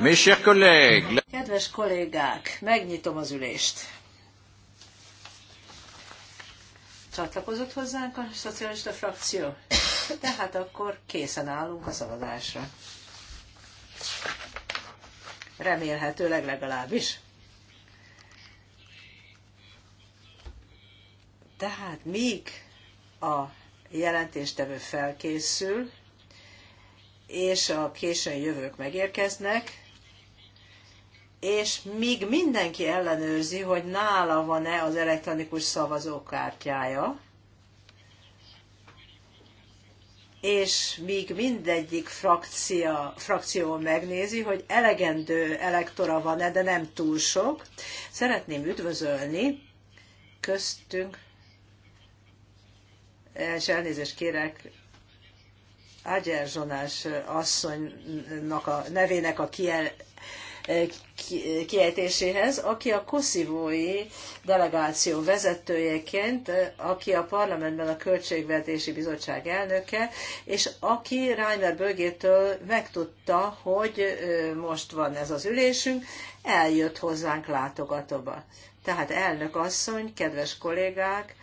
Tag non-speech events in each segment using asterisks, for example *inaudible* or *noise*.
Mes chers collègues. Kedves kollégák, megnyitom az ülést. Csatlakozott hozzánk a szocialista frakció. Tehát akkor készen állunk a szavazásra. Remélhetőleg legalábbis. Tehát míg a jelentéstevő felkészül, és a későn jövők megérkeznek, és míg mindenki ellenőrzi, hogy nála van-e az elektronikus szavazókártyája, és míg mindegyik frakcia, frakció megnézi, hogy elegendő elektora van-e, de nem túl sok, szeretném üdvözölni köztünk, és elnézést kérek, Ágyer Zsonás asszonynak a nevének a kiejtéséhez, aki a koszivói delegáció vezetőjeként, aki a parlamentben a Költségvetési Bizottság elnöke, és aki Reimer Bögétől megtudta, hogy most van ez az ülésünk, eljött hozzánk látogatóba. Tehát elnök asszony, kedves kollégák,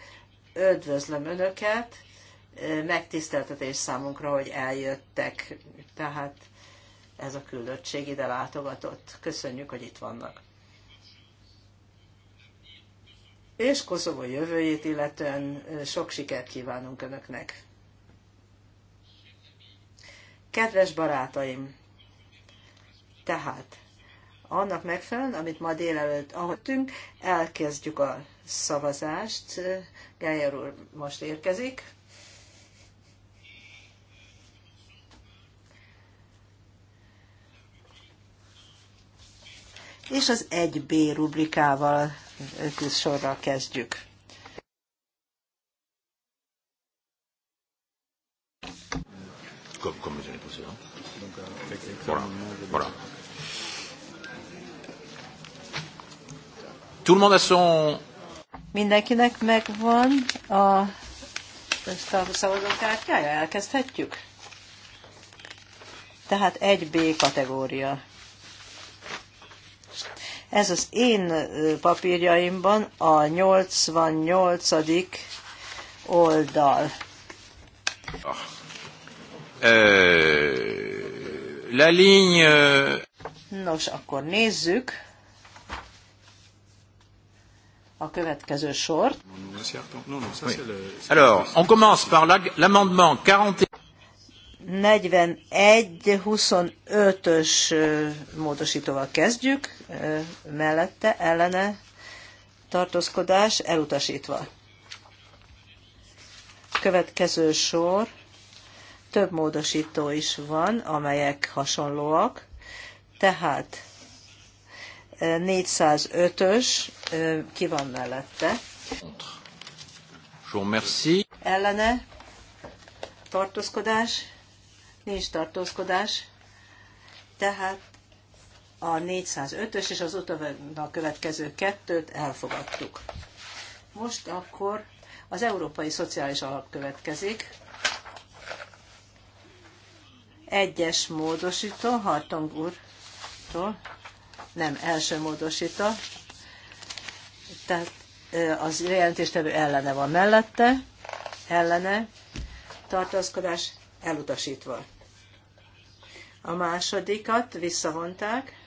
üdvözlöm Önöket, megtiszteltetés számunkra, hogy eljöttek. Tehát ez a küldöttség ide látogatott. Köszönjük, hogy itt vannak. És Koszovó jövőjét illetően sok sikert kívánunk Önöknek. Kedves barátaim! Tehát, annak megfelelően, amit ma délelőtt ahogy elkezdjük a szavazást. Geyer úr most érkezik. és az 1B rubrikával küzd sorra kezdjük. Tout le monde a son... Mindenkinek megvan a szavazókártyája? Elkezdhetjük? Tehát 1B kategória. Ez az én papírjaimban a 88. oldal. Ah. La ligne... Nos, akkor nézzük a következő sort. Alors, on commence par l'amendement 40. 41-25-ös módosítóval kezdjük, mellette ellene tartózkodás elutasítva. Következő sor, több módosító is van, amelyek hasonlóak, tehát 405-ös ki van mellette. Ellene tartózkodás nincs tartózkodás, tehát a 405-ös és az utána következő kettőt elfogadtuk. Most akkor az Európai Szociális Alap következik. Egyes módosító, Hartong úrtól, nem első módosító, tehát az jelentéstevő ellene van mellette, ellene, tartózkodás elutasítva. A másodikat visszavonták.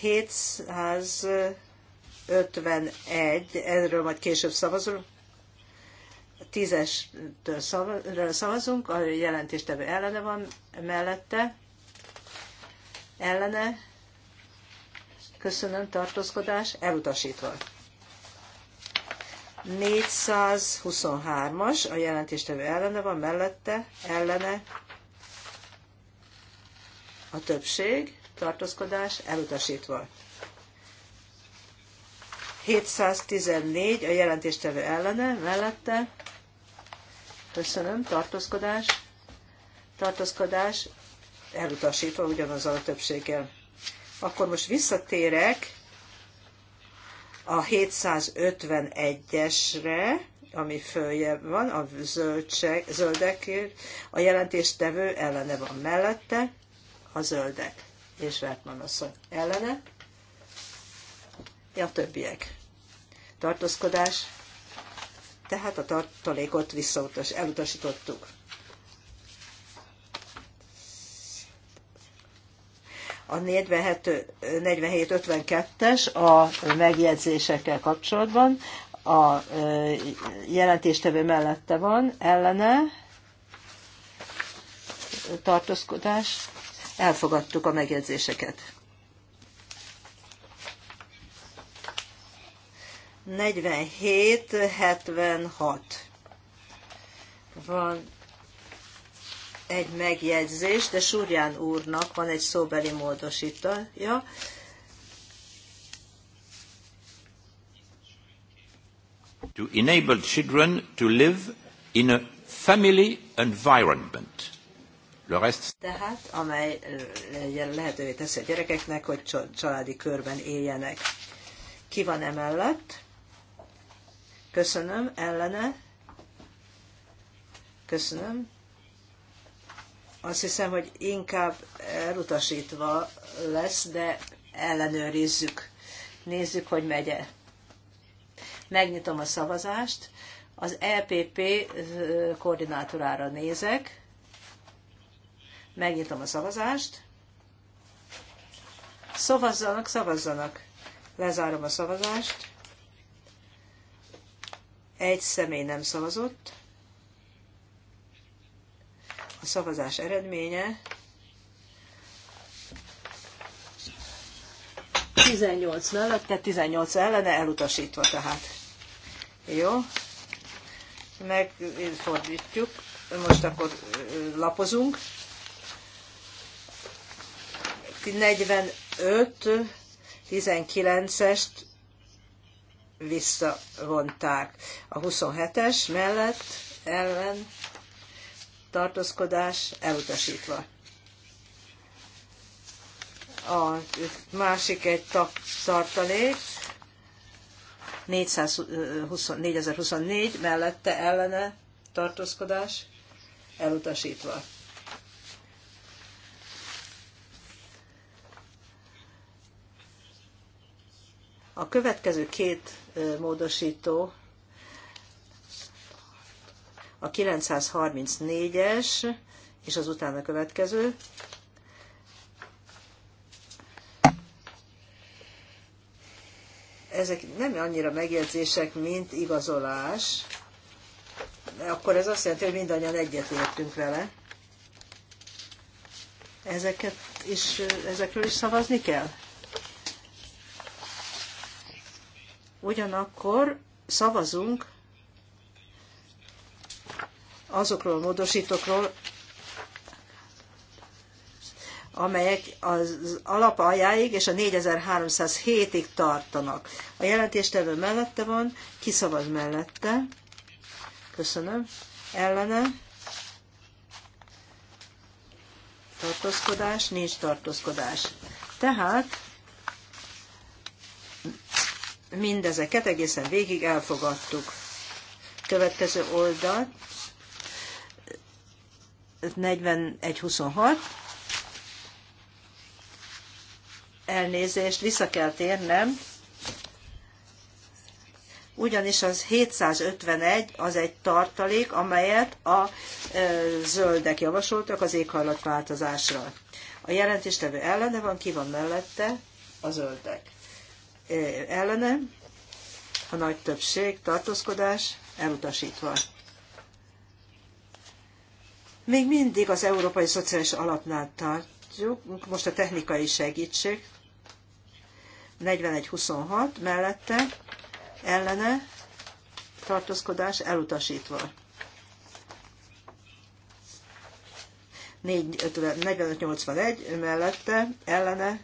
751, erről majd később szavazunk, a tízestől szavazunk, a jelentéstevő ellene van mellette, ellene, köszönöm, tartózkodás, elutasítva. 423-as, a jelentéstevő ellene van, mellette, ellene a többség, tartózkodás elutasítva. 714 a jelentéstevő ellene, mellette, köszönöm, tartózkodás, tartózkodás elutasítva ugyanazzal a többséggel. Akkor most visszatérek a 751-esre, ami följebb van, a zöldség, zöldekért, a jelentéstevő ellene van mellette, a zöldek, és Vertman asszony ellene, a többiek. Tartózkodás, tehát a tartalékot visszautas, elutasítottuk. a 47-52-es a megjegyzésekkel kapcsolatban. A jelentéstevő mellette van, ellene tartózkodás. Elfogadtuk a megjegyzéseket. 47-76. Van egy megjegyzés, de Súrján úrnak van egy szóbeli módosítója. To enable children to live in a family environment. Le Tehát, amely lehetővé teszi a gyerekeknek, hogy családi körben éljenek. Ki van emellett? Köszönöm, ellene. Köszönöm azt hiszem, hogy inkább elutasítva lesz, de ellenőrizzük. Nézzük, hogy megye. Megnyitom a szavazást. Az EPP koordinátorára nézek. Megnyitom a szavazást. Szavazzanak, szavazzanak. Lezárom a szavazást. Egy személy nem szavazott a szavazás eredménye. 18 mellette, 18 ellene elutasítva tehát. Jó? Megfordítjuk. Most akkor lapozunk. 45 19-est visszavonták. A 27-es mellett ellen tartózkodás elutasítva. A másik egy tartalék, 4024 mellette ellene tartózkodás elutasítva. A következő két módosító a 934-es és az utána következő. Ezek nem annyira megjegyzések, mint igazolás. Akkor ez azt jelenti, hogy mindannyian egyetértünk vele. Ezeket is, ezekről is szavazni kell? Ugyanakkor szavazunk azokról a módosítókról, amelyek az alap aljáig és a 4307-ig tartanak. A jelentéstevő mellette van, kiszavaz mellette. Köszönöm. Ellene. Tartózkodás, nincs tartózkodás. Tehát mindezeket egészen végig elfogadtuk. Következő oldal 41-26. Elnézést, vissza kell térnem, ugyanis az 751 az egy tartalék, amelyet a e, zöldek javasoltak az éghajlatváltozásra. A jelentéstevő ellene van, ki van mellette? A zöldek. E, ellene a nagy többség, tartózkodás elutasítva. Még mindig az Európai Szociális Alapnál tartjuk, most a technikai segítség, 41-26 mellette, ellene, tartózkodás elutasítva. 45-81 mellette ellene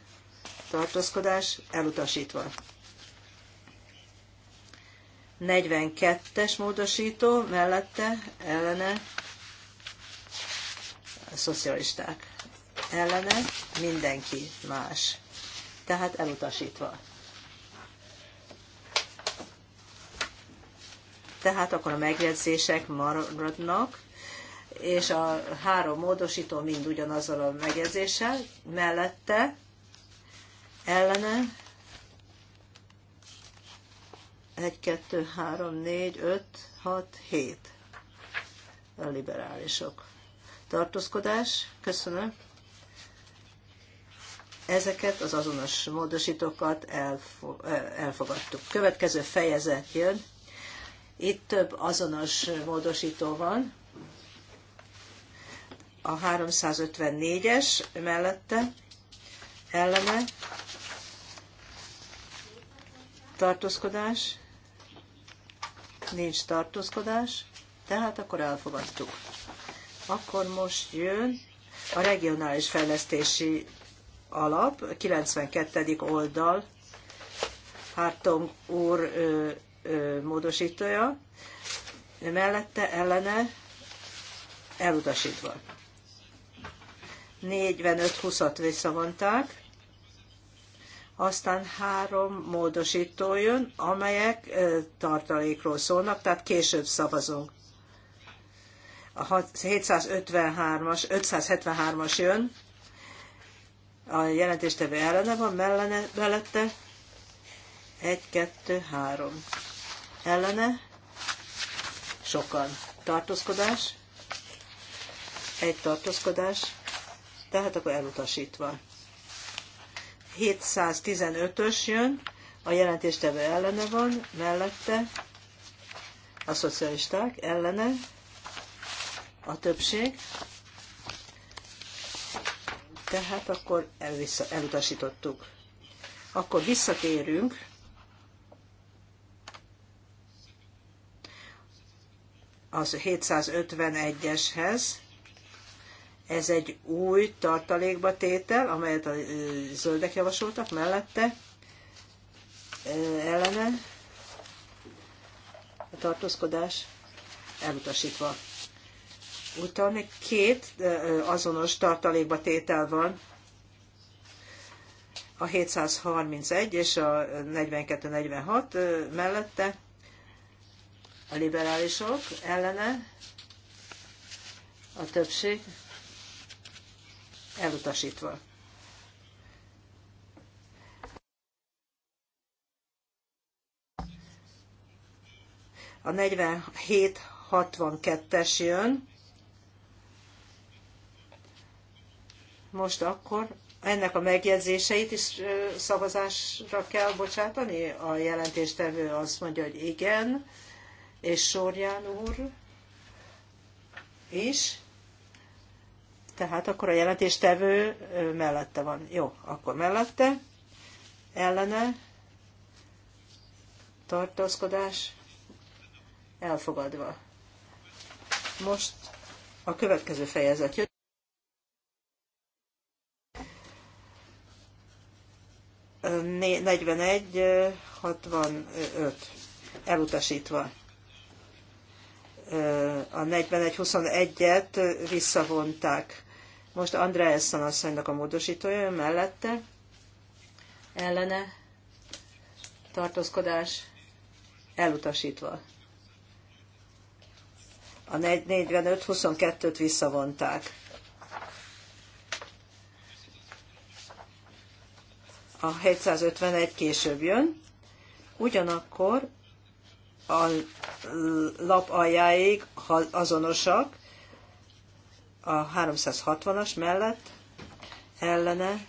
tartózkodás elutasítva. 42-es módosító mellette ellene szocialisták ellene, mindenki más. Tehát elutasítva. Tehát akkor a megjegyzések maradnak, és a három módosító mind ugyanazzal a megjegyzéssel, mellette, ellene, 1, 2, 3, 4, 5, 6, 7 a liberálisok tartózkodás, köszönöm. Ezeket az azonos módosítókat eh, elfogadtuk. Következő fejezet jön. Itt több azonos módosító van. A 354-es mellette ellene tartózkodás, nincs tartózkodás, tehát akkor elfogadtuk. Akkor most jön a regionális fejlesztési alap, 92. oldal, Hártong úr ö, ö, módosítója, mellette ellene elutasítva. 45-20-at visszavonták, aztán három módosító jön, amelyek tartalékról szólnak, tehát később szavazunk a 753-as, 573-as jön, a jelentéstevő ellene van, mellene, mellette, 1, 2, 3. Ellene, sokan. Tartózkodás, egy tartózkodás, tehát akkor elutasítva. 715-ös jön, a jelentéstevő ellene van, mellette, a szocialisták ellene, a többség, tehát akkor elvissza, elutasítottuk. Akkor visszatérünk az 751-eshez. Ez egy új tartalékba tétel, amelyet a zöldek javasoltak mellette, ellene a tartózkodás elutasítva utalni. Két azonos tartalékba tétel van, a 731 és a 42-46 mellette a liberálisok ellene a többség elutasítva. A 47-62-es jön, most akkor ennek a megjegyzéseit is szavazásra kell bocsátani? A jelentéstevő azt mondja, hogy igen, és Sorján úr is. Tehát akkor a jelentéstevő mellette van. Jó, akkor mellette, ellene, tartózkodás, elfogadva. Most a következő fejezet jön. 41, 65 elutasítva. A 41-21-et visszavonták. Most Andrea asszonynak a módosítója mellette. Ellene tartózkodás elutasítva. A 45-22-t visszavonták. a 751 később jön, ugyanakkor a lap aljáig azonosak a 360-as mellett ellene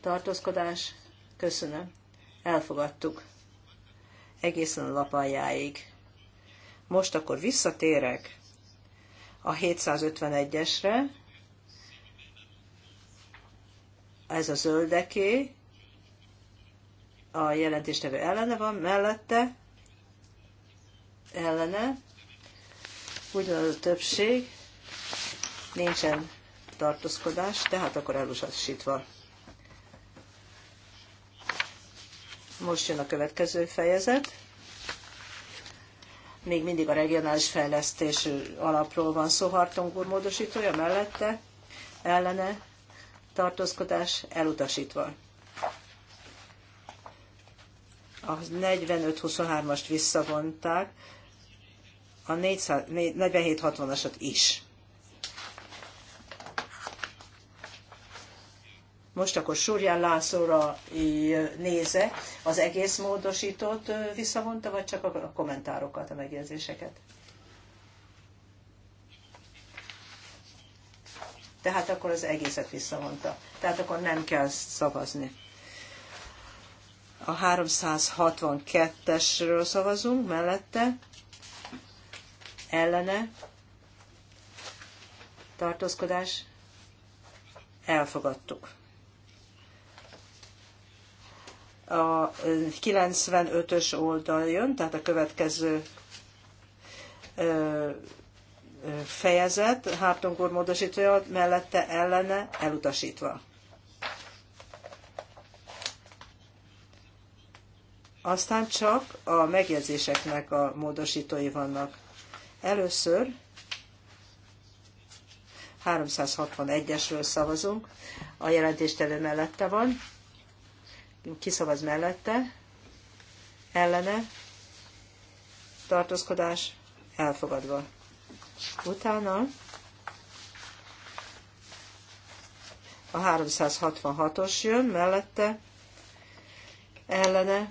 tartózkodás, köszönöm, elfogadtuk egészen a lap aljáig. Most akkor visszatérek a 751-esre, ez a zöldeké, a jelentéstevő ellene van, mellette, ellene, ugyanaz a többség, nincsen tartózkodás, tehát akkor elutasítva. Most jön a következő fejezet. Még mindig a regionális fejlesztés alapról van szó, Hartong úr módosítója mellette, ellene tartózkodás elutasítva. A 45-23-ast visszavonták, a 47-60-asat is. Most akkor Súrján Lászlóra nézek, az egész módosítót visszavonta, vagy csak a kommentárokat, a megjegyzéseket? Tehát akkor az egészet visszavonta. Tehát akkor nem kell szavazni. A 362-esről szavazunk, mellette, ellene, tartózkodás, elfogadtuk. A 95-ös oldal jön, tehát a következő fejezet, Hártong úr módosítója mellette ellene elutasítva. Aztán csak a megjegyzéseknek a módosítói vannak. Először 361-esről szavazunk, a jelentéstelő mellette van, kiszavaz mellette, ellene, tartózkodás elfogadva. Utána a 366-os jön mellette, ellene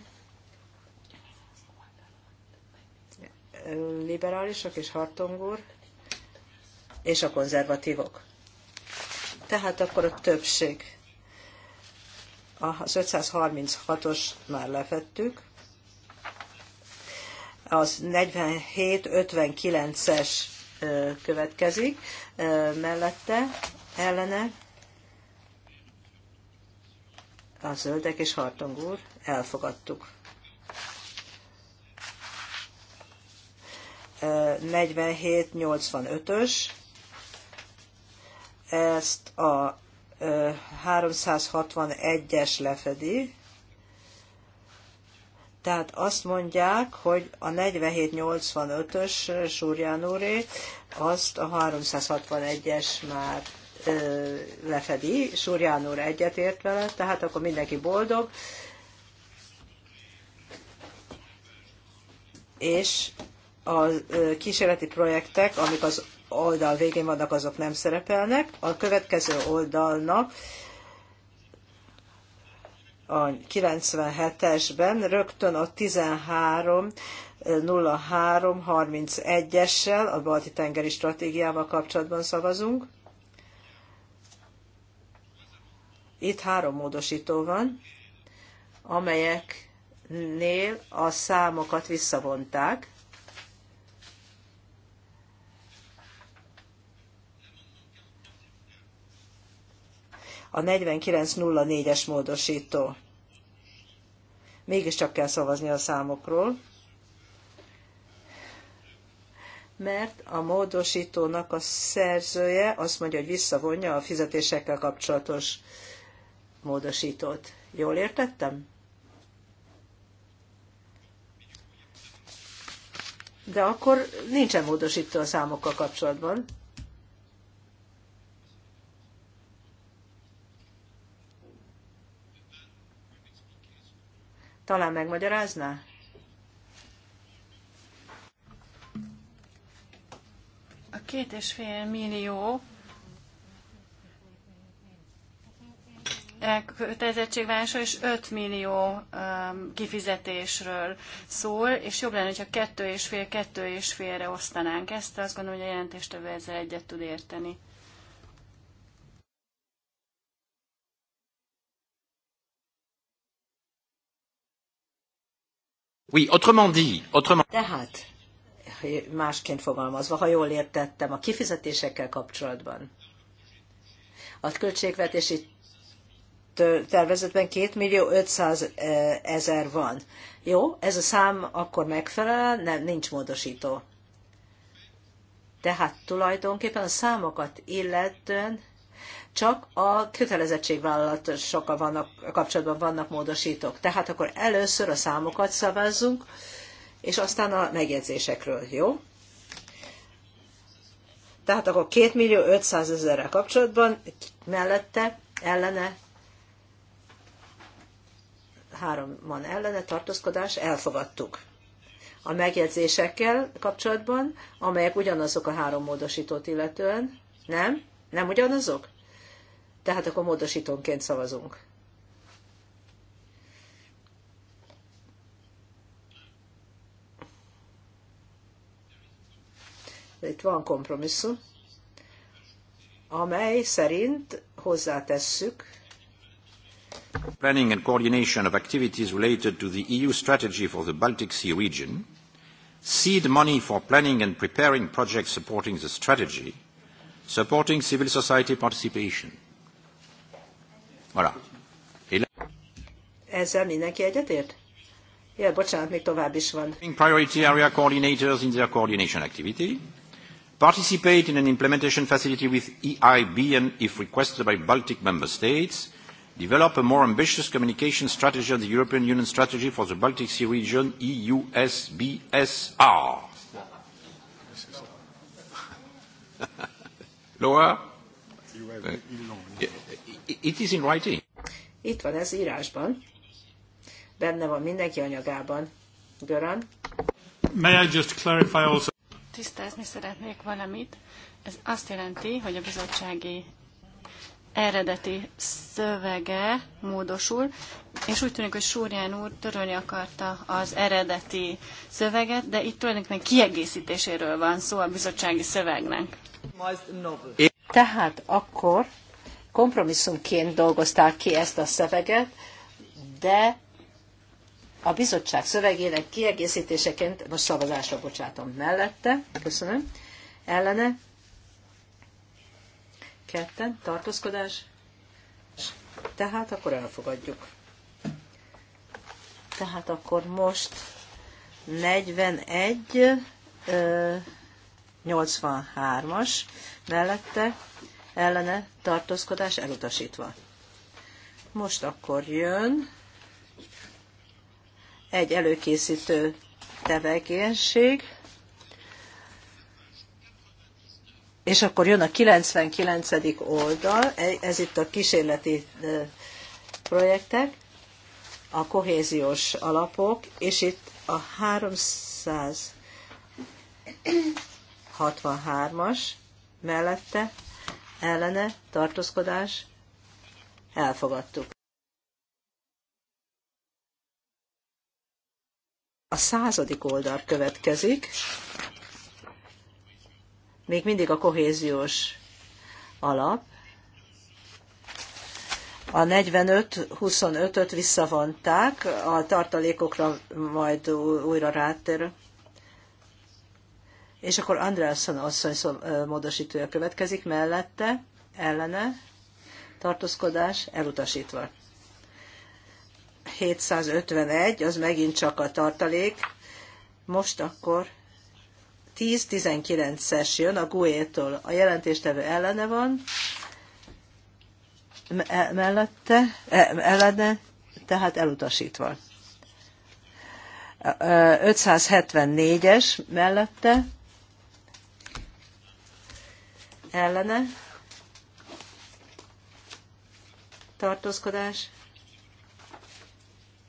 liberálisok és hartongúr, és a konzervatívok. Tehát akkor a többség. Az 536-os már lefettük. Az 47-59-es következik, mellette, ellene, a zöldek és Hartong úr, elfogadtuk. 47-85-ös, ezt a 361-es lefedi, tehát azt mondják, hogy a 4785-ös Súrján úré, azt a 361-es már ö, lefedi, Súrján úr egyetért vele, tehát akkor mindenki boldog. És a ö, kísérleti projektek, amik az oldal végén vannak, azok nem szerepelnek. A következő oldalnak ö, a 97-esben, rögtön a 13 0331-essel, a balti tengeri stratégiával kapcsolatban szavazunk. Itt három módosító van, amelyeknél a számokat visszavonták. a 4904-es módosító. Mégiscsak kell szavazni a számokról, mert a módosítónak a szerzője azt mondja, hogy visszavonja a fizetésekkel kapcsolatos módosítót. Jól értettem? De akkor nincsen módosító a számokkal kapcsolatban. Talán megmagyarázná? A két és fél millió kötelezettségvállalásról és 5 millió um, kifizetésről szól, és jobb lenne, hogyha kettő és fél, kettő és félre osztanánk ezt, azt gondolom, hogy a jelentéstevő ezzel egyet tud érteni. Oui, autrement dit, autrement... Tehát, másként fogalmazva, ha jól értettem, a kifizetésekkel kapcsolatban. A költségvetési tervezetben 2 millió 500 ezer van. Jó, ez a szám akkor megfelel, nem, nincs módosító. Tehát tulajdonképpen a számokat illetően csak a sokkal vannak, kapcsolatban vannak módosítók. Tehát akkor először a számokat szavazzunk, és aztán a megjegyzésekről, jó? Tehát akkor 2 millió 500 ezerrel kapcsolatban, mellette, ellene, van ellene tartózkodás elfogadtuk. A megjegyzésekkel kapcsolatban, amelyek ugyanazok a három módosítót illetően, nem? Nem ugyanazok? Tehát akkor módosítónként szavazunk. Itt van kompromisszum, amely szerint hozzátesszük Planning and coordination of activities related to the EU strategy for the Baltic Sea region, seed money for planning and preparing projects supporting the strategy, supporting civil society participation. Voilà. Ezzel mindenki egyetért? Ja, bocsánat, még tovább is van. Priority area coordinators in their coordination activity. Participate in an implementation facility with EIB and, if requested by Baltic member states, develop a more ambitious communication strategy of the European Union strategy for the Baltic Sea region, EUSBSR. Lower? *laughs* It is in writing. Itt van ez írásban. Benne van mindenki anyagában. Göran? May I just clarify also? Tisztázni szeretnék valamit. Ez azt jelenti, hogy a bizottsági eredeti szövege módosul, és úgy tűnik, hogy Súrján úr törölni akarta az eredeti szöveget, de itt tulajdonképpen kiegészítéséről van szó a bizottsági szövegnek. Tehát akkor kompromisszumként dolgozták ki ezt a szöveget, de a bizottság szövegének kiegészítéseként most szavazásra bocsátom mellette. Köszönöm. Ellene. Ketten. Tartózkodás. Tehát akkor elfogadjuk. Tehát akkor most 41, 83-as mellette ellene tartózkodás elutasítva. Most akkor jön egy előkészítő tevékenység, és akkor jön a 99. oldal, e- ez itt a kísérleti projektek, a kohéziós alapok, és itt a 363-as mellette ellene tartózkodás elfogadtuk. A századik oldal következik, még mindig a kohéziós alap. A 45-25-öt visszavonták, a tartalékokra majd újra rátérünk és akkor Andráson asszony módosítója következik mellette, ellene, tartózkodás elutasítva. 751, az megint csak a tartalék. Most akkor 10-19-es jön a Guétól. tól A jelentéstevő ellene van, e, mellette, e, ellene, tehát elutasítva. 574-es mellette, ellene tartózkodás.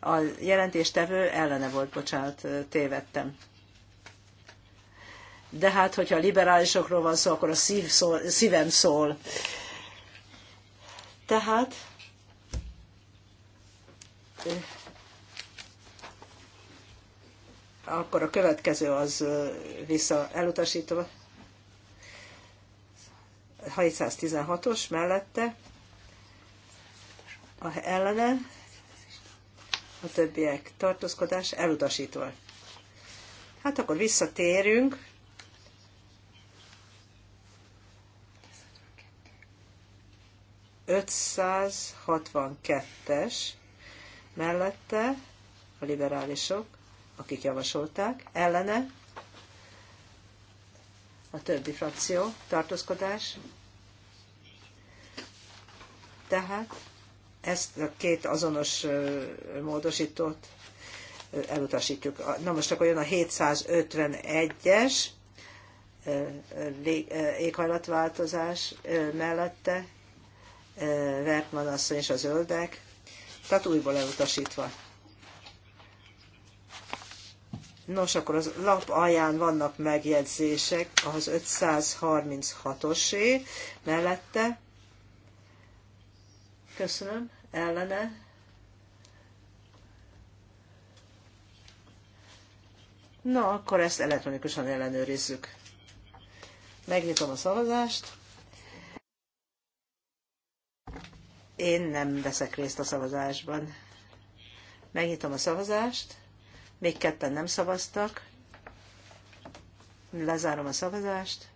A jelentéstevő ellene volt, bocsánat, tévedtem. De hát, hogyha a liberálisokról van szó, akkor a szív szól, szívem szól. Tehát akkor a következő az vissza elutasítva. 716 os mellette a ellene a többiek tartózkodás elutasítva. Hát akkor visszatérünk. es mellette a liberálisok, akik javasolták, ellene a többi frakció tartózkodás tehát ezt a két azonos módosítót elutasítjuk. Na most akkor jön a 751-es éghajlatváltozás mellette, Vertman és a zöldek, tehát újból elutasítva. Nos, akkor az lap alján vannak megjegyzések, az 536-osé mellette, Köszönöm. Ellene. Na, akkor ezt elektronikusan ellenőrizzük. Megnyitom a szavazást. Én nem veszek részt a szavazásban. Megnyitom a szavazást. Még ketten nem szavaztak. Lezárom a szavazást.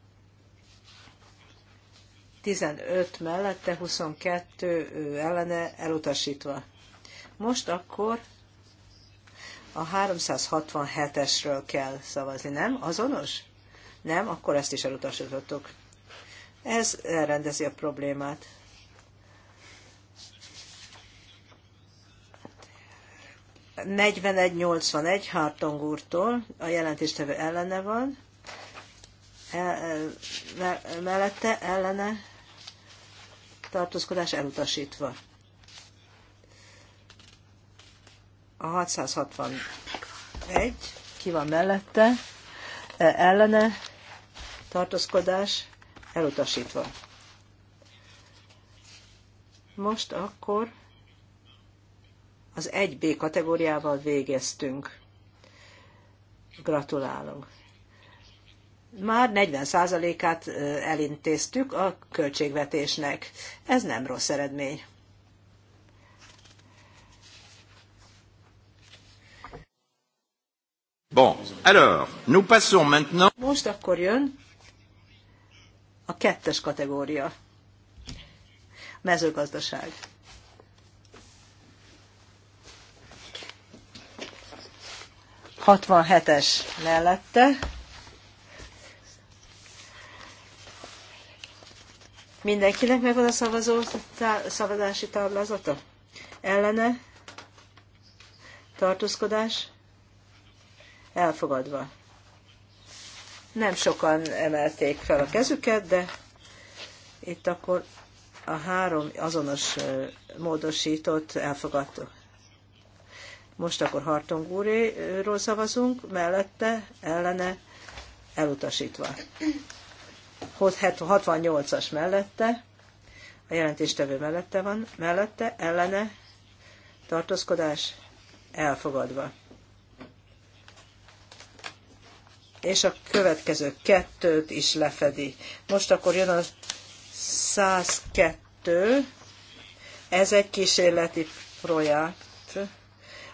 15 mellette, 22 ő ellene elutasítva. Most akkor a 367-esről kell szavazni, nem? Azonos? Nem? Akkor ezt is elutasítottuk. Ez elrendezi a problémát. egy Hartong úrtól, a jelentéstevő ellene van, e, e, mellette ellene tartózkodás elutasítva. A 661, ki van mellette, e, ellene tartózkodás elutasítva. Most akkor az 1B kategóriával végeztünk. Gratulálunk! már 40%-át elintéztük a költségvetésnek. Ez nem rossz eredmény. Bon, alors, nous passons maintenant... Most akkor jön a kettes kategória. Mezőgazdaság. Hatvan hetes mellette Mindenkinek megvan a szavazó, tá, szavazási táblázata? Ellene? Tartózkodás? Elfogadva. Nem sokan emelték fel a kezüket, de itt akkor a három azonos módosított elfogadtuk. Most akkor Hartong úréról szavazunk, mellette, ellene, elutasítva. 68-as mellette, a jelentéstevő mellette van, mellette, ellene, tartózkodás elfogadva. És a következő kettőt is lefedi. Most akkor jön a 102. Ez egy kísérleti projekt.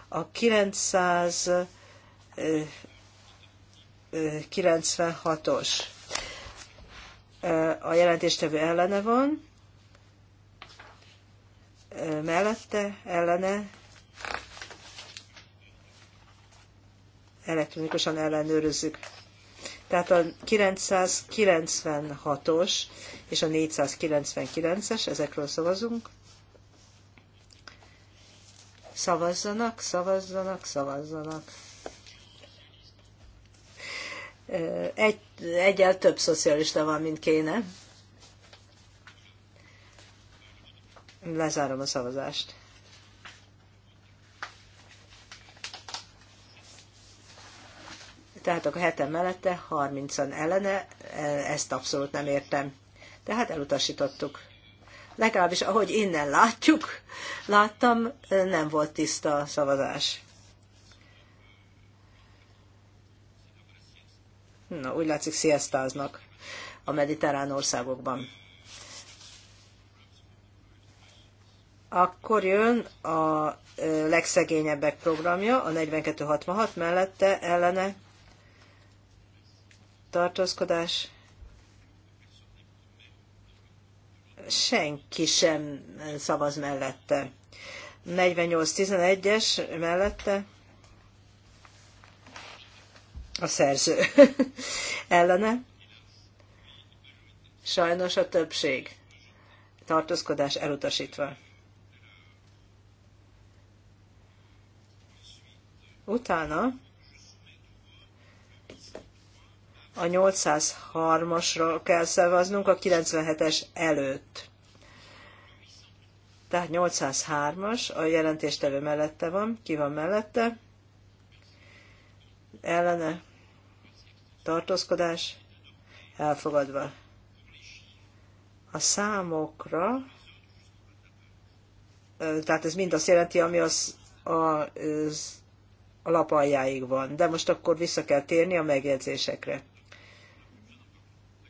A 96 os a jelentéstevő ellene van, mellette, ellene, elektronikusan ellenőrözzük. Tehát a 996-os és a 499-es, ezekről szavazunk. Szavazzanak, szavazzanak, szavazzanak. Egy, egyel több szocialista van, mint kéne. Lezárom a szavazást. Tehát akkor heten mellette, 30-an ellene, e, ezt abszolút nem értem. Tehát elutasítottuk. Legalábbis ahogy innen látjuk, láttam, nem volt tiszta a szavazás. Na, úgy látszik, sziasztáznak a mediterrán országokban. Akkor jön a legszegényebbek programja, a 4266 mellette ellene tartózkodás. Senki sem szavaz mellette. 4811-es mellette a szerző *laughs* ellene. Sajnos a többség tartózkodás elutasítva. Utána a 803 asra kell szavaznunk a 97-es előtt. Tehát 803-as, a jelentéstevő mellette van, ki van mellette, ellene tartózkodás elfogadva. A számokra, tehát ez mind azt jelenti, ami az, az a lap aljáig van. De most akkor vissza kell térni a megjegyzésekre.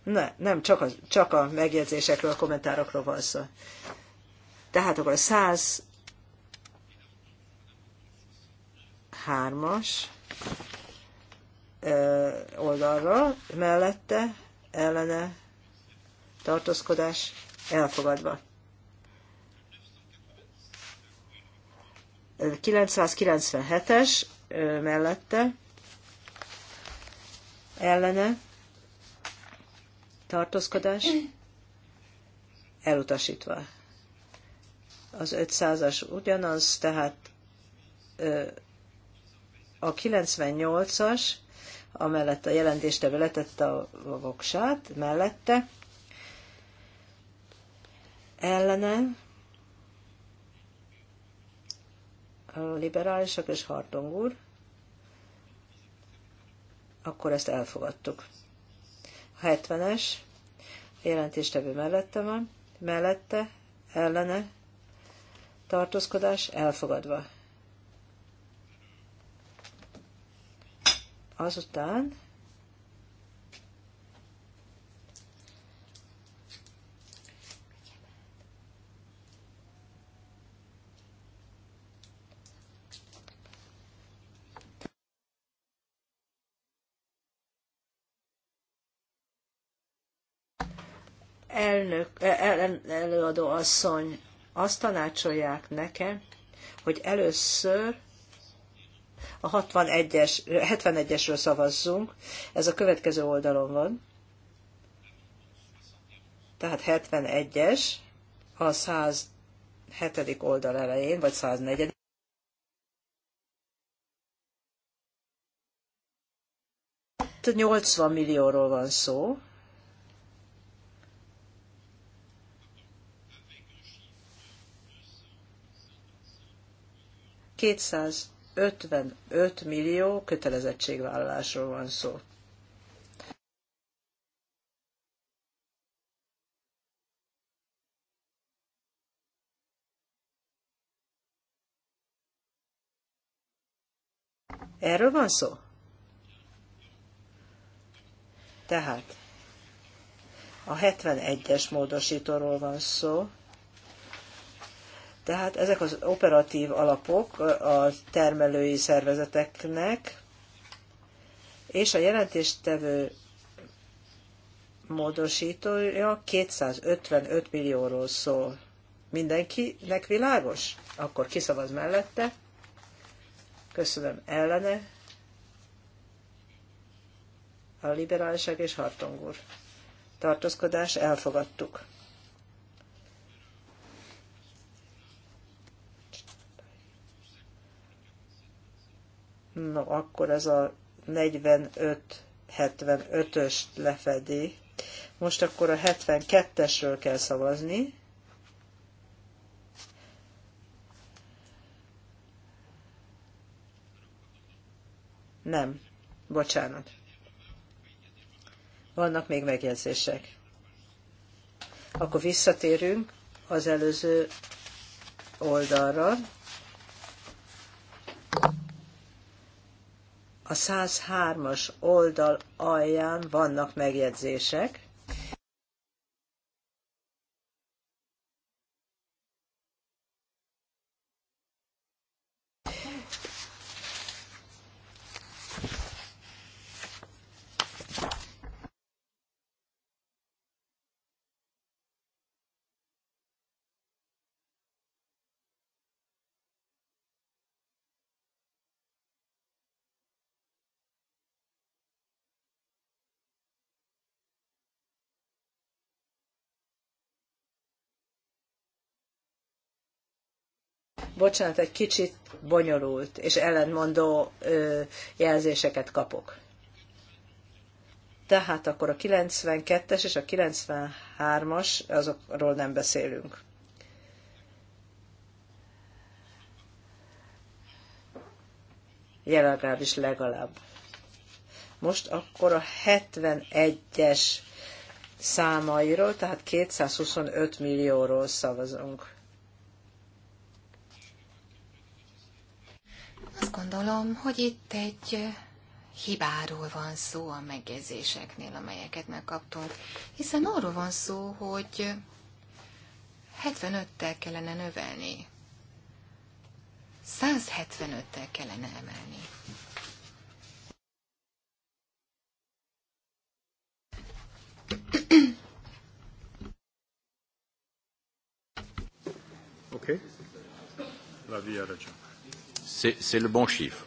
Ne, nem, csak a, csak a megjegyzésekről, a kommentárokról van szó. Tehát akkor a 103-as oldalra, mellette ellene tartózkodás elfogadva. 997-es mellette ellene tartózkodás elutasítva. Az 500-as ugyanaz, tehát a 98-as amellett a jelentést letette a voksát, mellette, ellene a liberálisak és Hartong úr, akkor ezt elfogadtuk. A 70-es jelentéstevő mellette van, mellette, ellene, tartózkodás elfogadva. azután elnök, e, el, előadó asszony azt tanácsolják nekem, hogy először a 61-es, 71-esről szavazzunk, ez a következő oldalon van. Tehát 71-es a 107. oldal elején, vagy 104. Itt 80 millióról van szó, kétszáz 55 millió kötelezettségvállalásról van szó. Erről van szó? Tehát a 71-es módosítóról van szó, tehát ezek az operatív alapok a termelői szervezeteknek, és a jelentéstevő módosítója 255 millióról szól. Mindenkinek világos? Akkor kiszavaz mellette. Köszönöm ellene. A liberálság és hartongúr. Tartózkodás elfogadtuk. no, akkor ez a 45-75-öst lefedi. Most akkor a 72-esről kell szavazni. Nem, bocsánat. Vannak még megjegyzések. Akkor visszatérünk az előző oldalra. A 103-as oldal alján vannak megjegyzések. bocsánat, egy kicsit bonyolult és ellentmondó jelzéseket kapok. Tehát akkor a 92-es és a 93-as, azokról nem beszélünk. is legalább. Most akkor a 71-es számairól, tehát 225 millióról szavazunk. Azt gondolom, hogy itt egy hibáról van szó a megjegyzéseknél, amelyeket megkaptunk, hiszen arról van szó, hogy 75-tel kellene növelni, 175-tel kellene emelni. Okay. La via C'est le bon chiffre.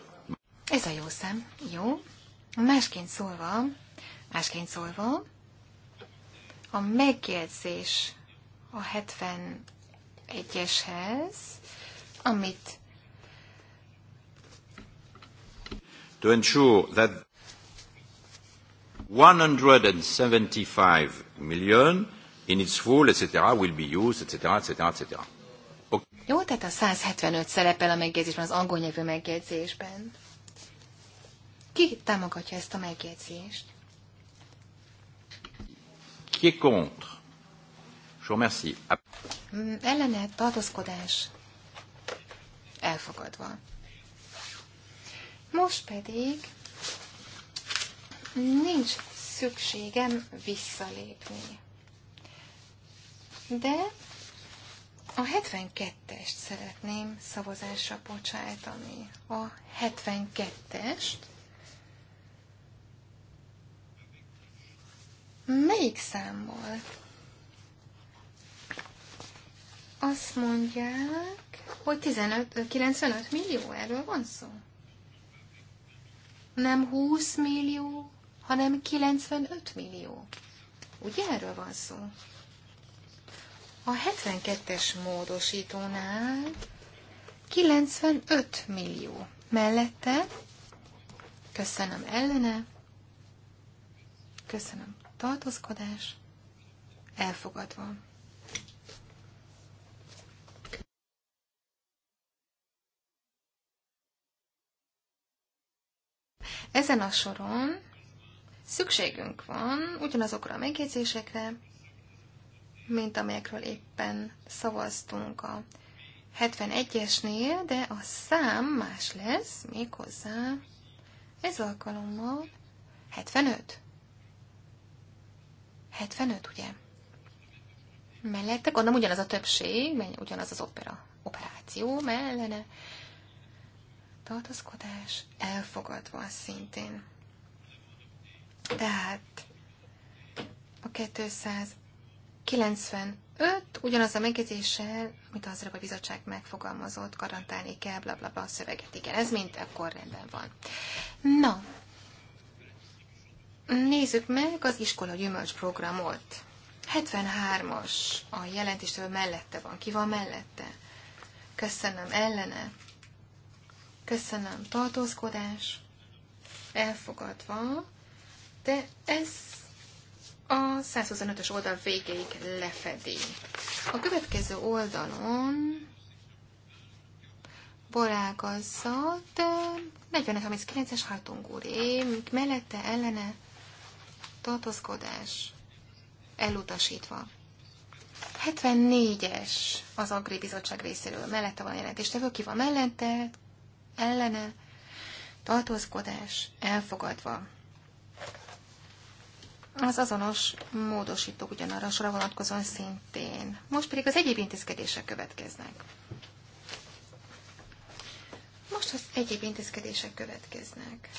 Ez a jó szám. Jó. Másként szólva, másként szólva, a megjegyzés a 71-eshez, amit to ensure that 175 million in its full, etc., will be used, etc., etc., etc. Jó, tehát a 175 szerepel a megjegyzésben, az angol nyelvű megjegyzésben. Ki támogatja ezt a megjegyzést? Ki est contre? Je vous remercie. Ellene tartózkodás elfogadva. Most pedig nincs szükségem visszalépni. De a 72-est szeretném szavazásra bocsájtani. A 72-est. Melyik szám volt? Azt mondják, hogy 15, 95 millió, erről van szó. Nem 20 millió, hanem 95 millió. Ugye erről van szó? A 72-es módosítónál 95 millió. Mellette, köszönöm ellene, köszönöm tartózkodás, elfogadva. Ezen a soron szükségünk van ugyanazokra a megjegyzésekre, mint amelyekről éppen szavaztunk a 71-esnél, de a szám más lesz, méghozzá ez alkalommal 75. 75, ugye? Mellette gondolom ugyanaz a többség, ugyanaz az opera, operáció mellene. Tartozkodás elfogadva szintén. Tehát a 200 95. Ugyanaz a megjegyzéssel, amit az Európai Bizottság megfogalmazott, garantálni kell, blablabla bla, bla, a szöveget. Igen, ez mind akkor rendben van. Na, nézzük meg az iskola gyümölcs programot. 73-as a jelentéstől mellette van. Ki van mellette? Köszönöm, ellene. Köszönöm, tartózkodás. Elfogadva. De ez a 125-ös oldal végéig lefedi. A következő oldalon borágazzat 45-39-es hajtongúré, mellette ellene tartózkodás elutasítva. 74-es az Agri Bizottság részéről mellette van jelentéstevő, ki van mellette, ellene, tartózkodás elfogadva az azonos módosítók ugyanarra a sorra vonatkozóan szintén. Most pedig az egyéb intézkedések következnek. Most az egyéb intézkedések következnek.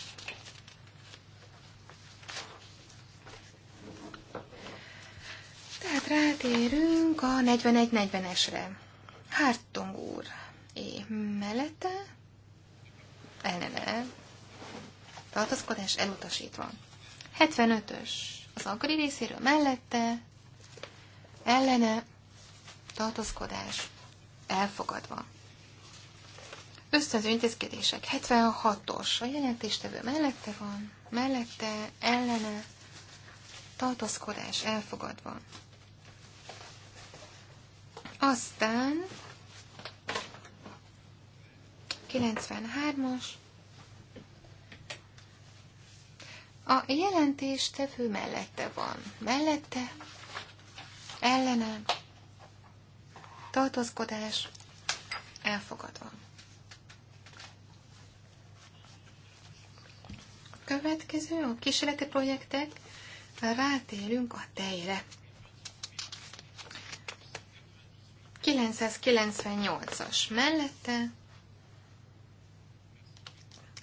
Tehát rátérünk a 41-40-esre. Hártong úr. É, mellette? Ellene. Tartozkodás elutasítva. 75-ös az agri részéről mellette, ellene, tartózkodás, elfogadva. Ösztönző intézkedések 76-os, a jelentéstevő mellette van, mellette, ellene, tartózkodás, elfogadva. Aztán 93-as, A jelentés tevő mellette van. Mellette, ellene, tartozkodás elfogadva. Következő a kísérleti projektek, rátérünk a tejre. 998-as mellette,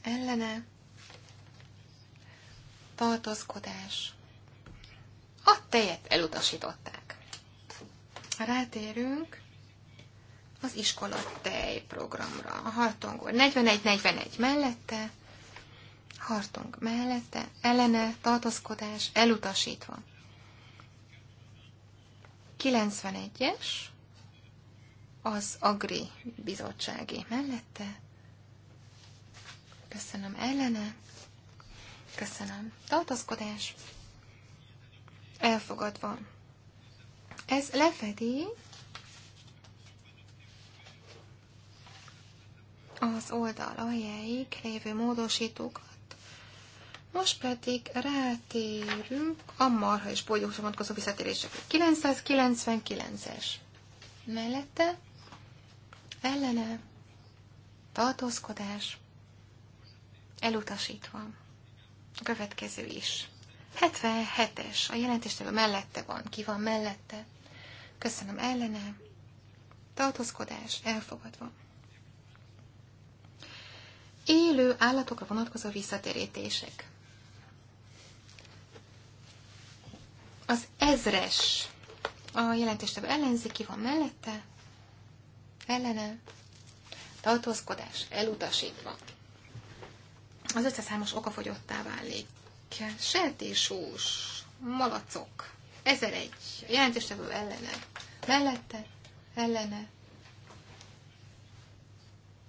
ellene, tartózkodás. A tejet elutasították. Rátérünk az iskola tej programra. A hartongó 41-41 mellette, hartong mellette, ellene tartózkodás elutasítva. 91-es, az Agri bizottságé mellette. Köszönöm ellene. Köszönöm. Tartózkodás. Elfogadva. Ez lefedi az oldal aljáig lévő módosítókat. Most pedig rátérünk a marha és bogyókra vonatkozó visszatérésekre. 999-es. Mellette ellene tartózkodás elutasítva. A következő is. 77-es, a jelentéstevő mellette van, ki van mellette. Köszönöm ellene. Tartózkodás elfogadva. Élő állatokra vonatkozó visszatérítések. Az ezres, a jelentéstevő ellenzi, ki van mellette, ellene. Tartózkodás elutasítva az 503-as okafogyottá válik. Sertésús, malacok, 1001, jelentéstevő ellene, mellette, ellene,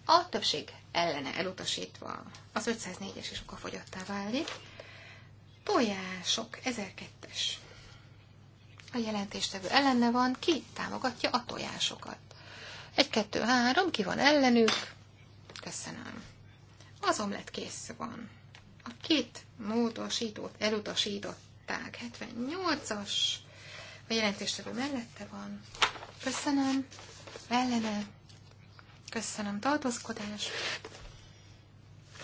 a többség ellene elutasítva az 504-es is okafogyottá válik. Tojások, 1002-es. A jelentéstevő ellene van, ki támogatja a tojásokat. Egy, kettő, három, ki van ellenük? Köszönöm. Az omlet kész van. A két módosítót elutasították. 78-as a jelentéstevő mellette van. Köszönöm. Ellene. Köszönöm. Tartózkodás.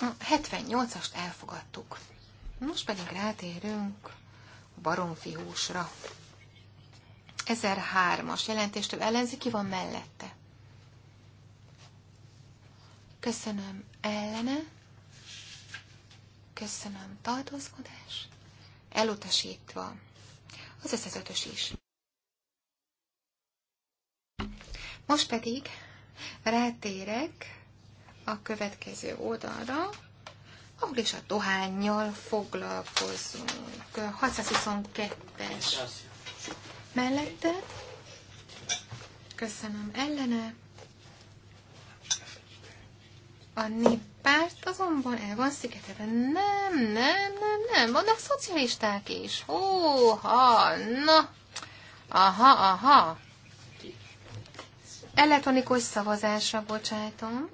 A 78-ast elfogadtuk. Most pedig rátérünk a baromfi húsra. 1003-as jelentéstevő ellenzi, ki van mellette. Köszönöm, ellene, köszönöm, tartózkodás, elutasítva, az ötös is. Most pedig rátérek a következő oldalra, ahol is a dohányjal foglalkozunk. 622-es mellette. Köszönöm ellene. A néppárt azonban el van szigetelve. Nem, nem, nem, nem. Vannak szocialisták is. Hóha, na. Aha, aha. Elektronikus szavazásra bocsájtom.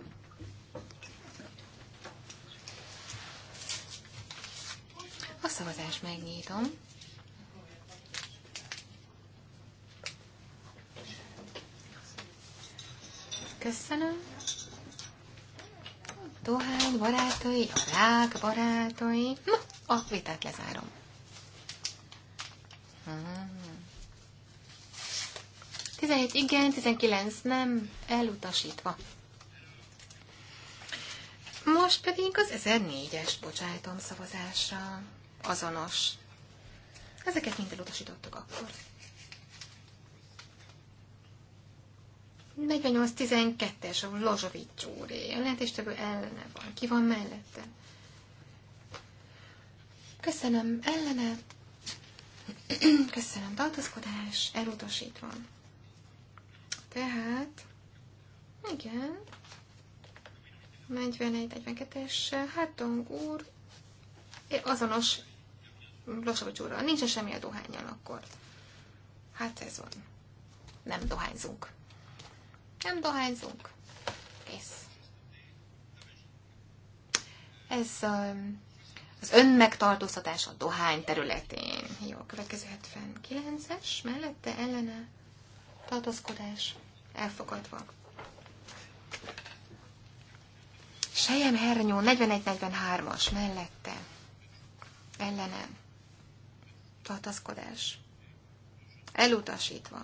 A szavazást megnyitom. Köszönöm dohány barátai, a rák barátai. Na, a vitát lezárom. Hmm. 17 igen, 19 nem, elutasítva. Most pedig az 1004 es bocsájtom szavazásra. Azonos. Ezeket mind elutasítottak akkor. 48-12-es, a Lozsovics úré. A jelentéstevő ellene van. Ki van mellette? Köszönöm, ellene. Köszönöm, tartózkodás, elutasítva. Tehát, igen, 41-42-es Hátong úr azonos Blosovics úrral. Nincs semmi a dohányjal akkor. Hát ez van. Nem dohányzunk. Nem dohányzunk. Kész. Ez um, az önmegtartóztatás a dohány területén. Jó, a következő 79-es, mellette ellene tartózkodás elfogadva. Sejem Hernyó 41-43-as mellette ellene tartózkodás elutasítva.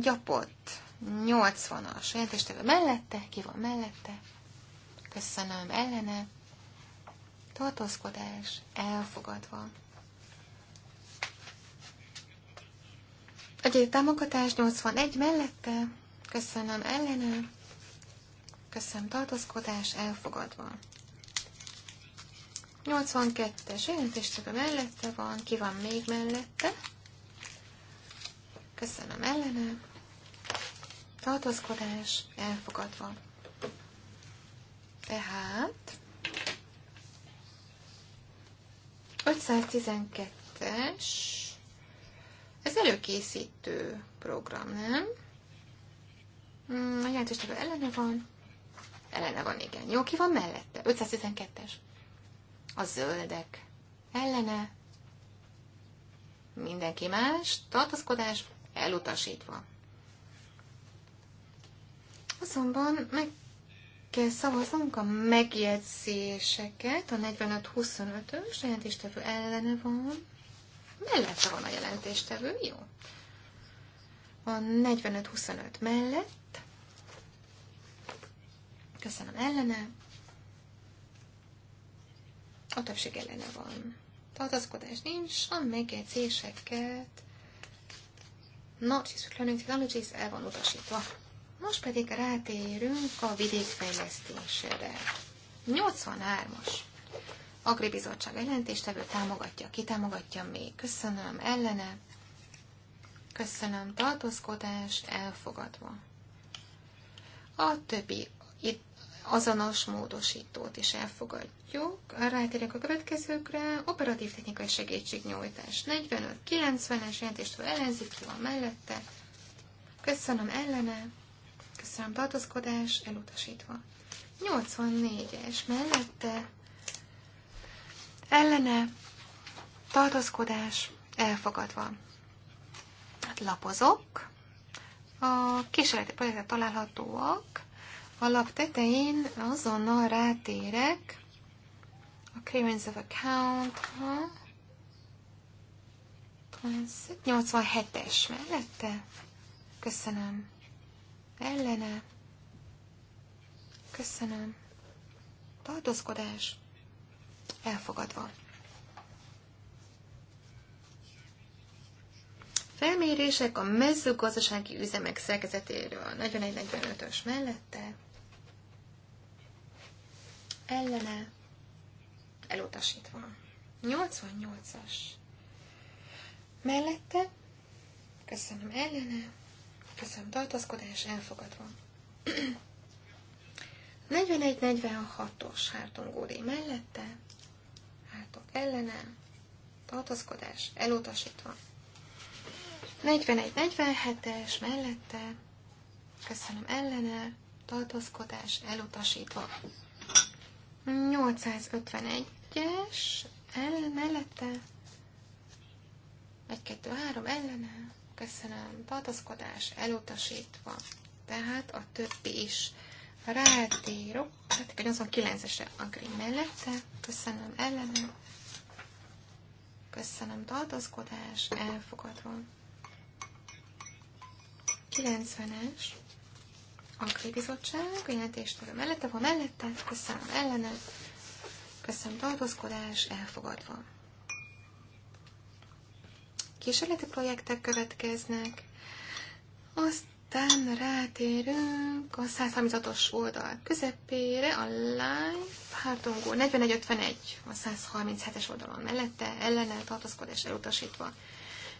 Gyapott 80-as jelentéstevő mellette, ki van mellette, köszönöm ellene, tartózkodás elfogadva. Egyéb támogatás 81 mellette, köszönöm ellene, köszönöm tartózkodás elfogadva. 82-es jelentéstevő mellette van, ki van még mellette, köszönöm ellene, tartózkodás elfogadva. Tehát 512-es, ez előkészítő program, nem? Hmm, a jelentőstevő ellene van. Ellene van, igen. Jó, ki van mellette? 512-es. A zöldek. Ellene. Mindenki más. Tartaszkodás elutasítva. Azonban meg kell szavaznunk a megjegyzéseket, a 45-25-ös jelentéstevő ellene van. Mellette van a jelentéstevő, jó. A 45-25 mellett. Köszönöm, ellene. A többség ellene van. Tartaszkodás nincs, a megjegyzéseket. Not is planning technologies el van utasítva. Most pedig rátérünk a vidékfejlesztésre. 83-as. Agribizottság jelentéstevő támogatja, ki támogatja még. Köszönöm, ellene. Köszönöm, tartózkodás elfogadva. A többi itt azonos módosítót is elfogadjuk. Rátérjük a következőkre. Operatív technikai segítségnyújtás 45-90-es jelentéstől ellenzik, ki van mellette. Köszönöm ellene. Köszönöm tartozkodás elutasítva. 84-es mellette ellene tartozkodás elfogadva. Hát lapozok. A kísérleti projektek találhatóak. A lap tetején azonnal rátérek a clearance of account -ha. 87-es mellette. Köszönöm ellene, köszönöm, tartózkodás, elfogadva. Felmérések a mezőgazdasági üzemek szerkezetéről 41-45-ös mellette, ellene, elutasítva. 88-as. Mellette, köszönöm ellene, Köszönöm, tartózkodás elfogadva. 41-46-os *clears throat* hártongóri mellette, hártok ellene, tartózkodás elutasítva. 41-47-es mellette, köszönöm ellene, tartózkodás elutasítva. 851-es ellen, mellette, 1, 2, 3 ellene, köszönöm, tartozkodás elutasítva. Tehát a többi is rátérok, tehát egy 89-esre agri mellette, köszönöm ellenem, köszönöm tartozkodás, elfogadva. 90-es, agri bizottság, jelentéstől mellette van mellette, köszönöm ellenem, köszönöm tartozkodás, elfogadva kísérleti projektek következnek, aztán rátérünk a 136-os oldal közepére, a live, hártongó 4151, a 137-es oldalon mellette, ellene tartózkodás elutasítva.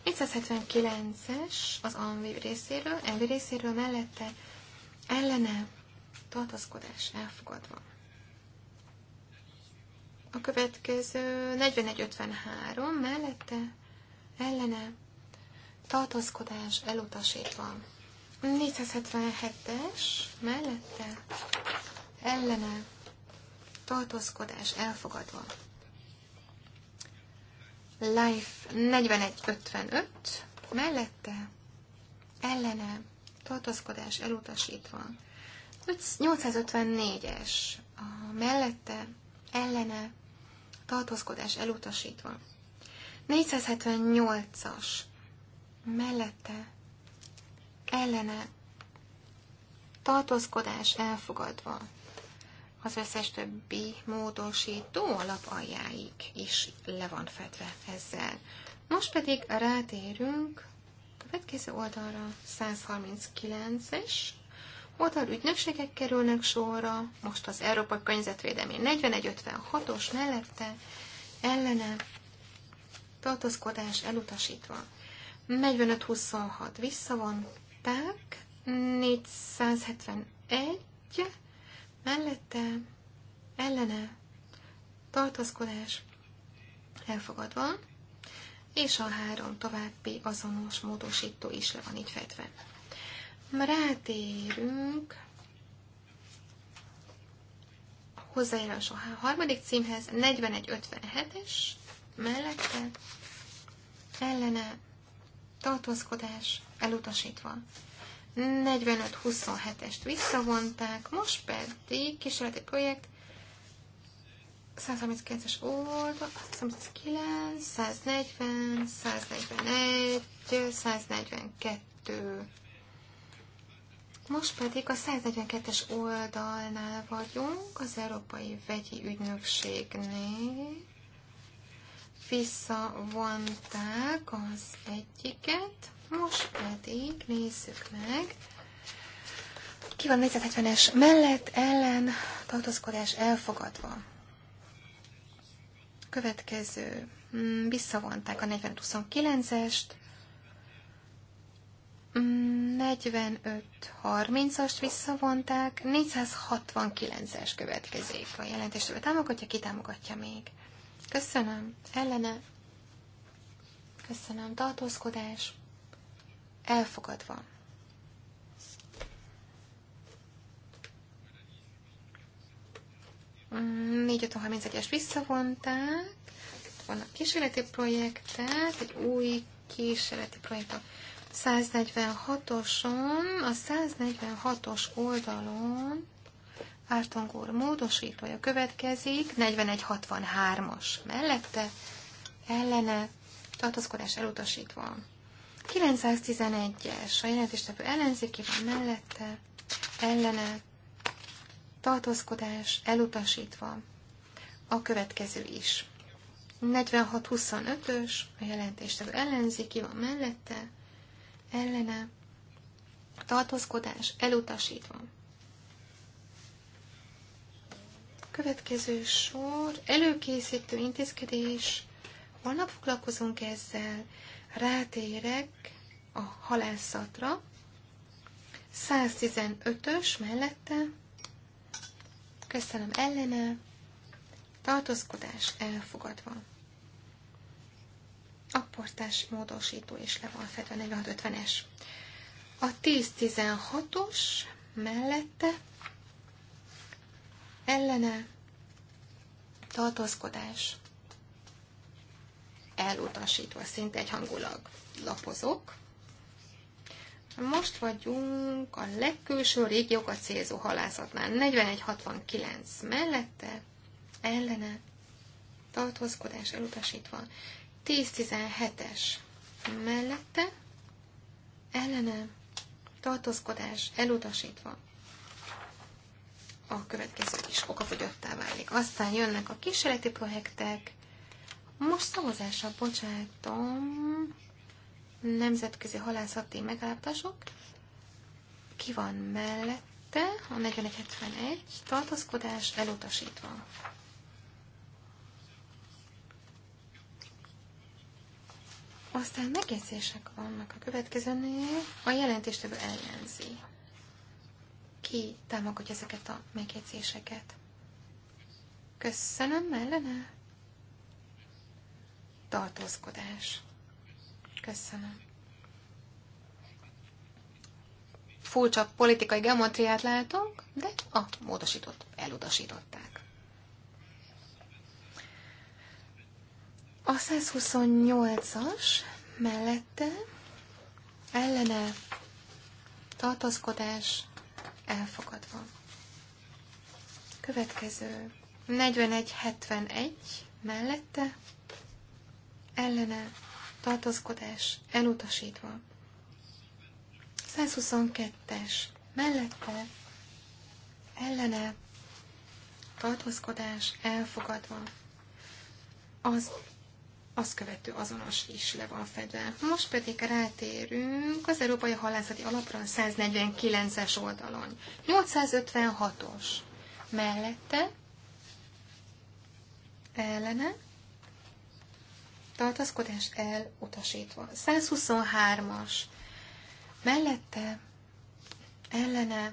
479-es az ANVI részéről, ENVI részéről mellette, ellene tartózkodás elfogadva. A következő 4153 mellette ellene, tartózkodás elutasítva. 477-es mellette, ellene, tartózkodás elfogadva. Life 4155 mellette, ellene, tartózkodás elutasítva. 854-es a mellette, ellene, tartózkodás elutasítva. 478-as mellette ellene tartózkodás elfogadva az összes többi módosító aljáig is le van fedve ezzel. Most pedig rátérünk a következő oldalra 139-es oldal ügynökségek kerülnek sorra, most az Európa Környezetvédelmi 4156-os mellette ellene tartózkodás elutasítva. 45-26 visszavonták, 471 mellette ellene tartózkodás elfogadva, és a három további azonos módosító is le van így fedve. Rátérünk hozzájárulás a harmadik címhez, 41-57-es mellette kellene tartózkodás elutasítva. 45-27-est visszavonták, most pedig kísérleti projekt 139-es volt, 139, 140, 141, 142. Most pedig a 142-es oldalnál vagyunk, az Európai Vegyi Ügynökségnél visszavonták az egyiket, most pedig nézzük meg. Ki van 470-es mellett ellen tartózkodás elfogadva. Következő. Mm, visszavonták a 4029-est. 45-30-ast mm, visszavonták, 469-es következik. A jelentéstől támogatja, ki támogatja még? Köszönöm. Ellene. Köszönöm. Tartózkodás. Elfogadva. Mm, 4531-es visszavonták. a kísérleti projektek, egy új kísérleti projekt 146-oson, a 146-os oldalon Ártong úr módosítója következik, 4163-as mellette, ellene, tartozkodás elutasítva. 911-es, a jelentéstevő ellenzéki van mellette, ellene, tartózkodás elutasítva. A következő is. 4625-ös, a jelentéstevő ellenzéki van mellette, ellene, tartózkodás elutasítva. Következő sor, előkészítő intézkedés. Holnap foglalkozunk ezzel. Rátérek a halászatra. 115-ös mellette. Köszönöm ellene. Tartózkodás elfogadva. Apportás módosító és le van fedve 4650-es. A 10-16-os mellette ellene tartózkodás elutasítva, szinte egyhangulag lapozok. Most vagyunk a legkülső régiókat célzó halászatnál. 4169 mellette, ellene, tartózkodás elutasítva. 1017-es mellette, ellene, tartózkodás elutasítva a következő is okafogyottá válik. Aztán jönnek a kísérleti projektek. Most szavazásra bocsátom nemzetközi halászati megállapodások. Ki van mellette? A 4171 tartózkodás elutasítva. Aztán megjegyzések vannak a következőnél. A jelentéstevő ellenzi. Ki támogatja ezeket a megjegyzéseket? Köszönöm, ellene? Tartózkodás. Köszönöm. Furcsa politikai geometriát látunk, de a módosított elutasították. A 128-as mellette ellene tartozkodás elfogadva. Következő 41-71 mellette ellene tartozkodás elutasítva. 122-es mellette ellene tartózkodás elfogadva. Az azt követő azonos is le van fedve. Most pedig rátérünk az Európai Halászati Alapra 149-es oldalon. 856-os mellette ellene tartaszkodás elutasítva. 123-as mellette ellene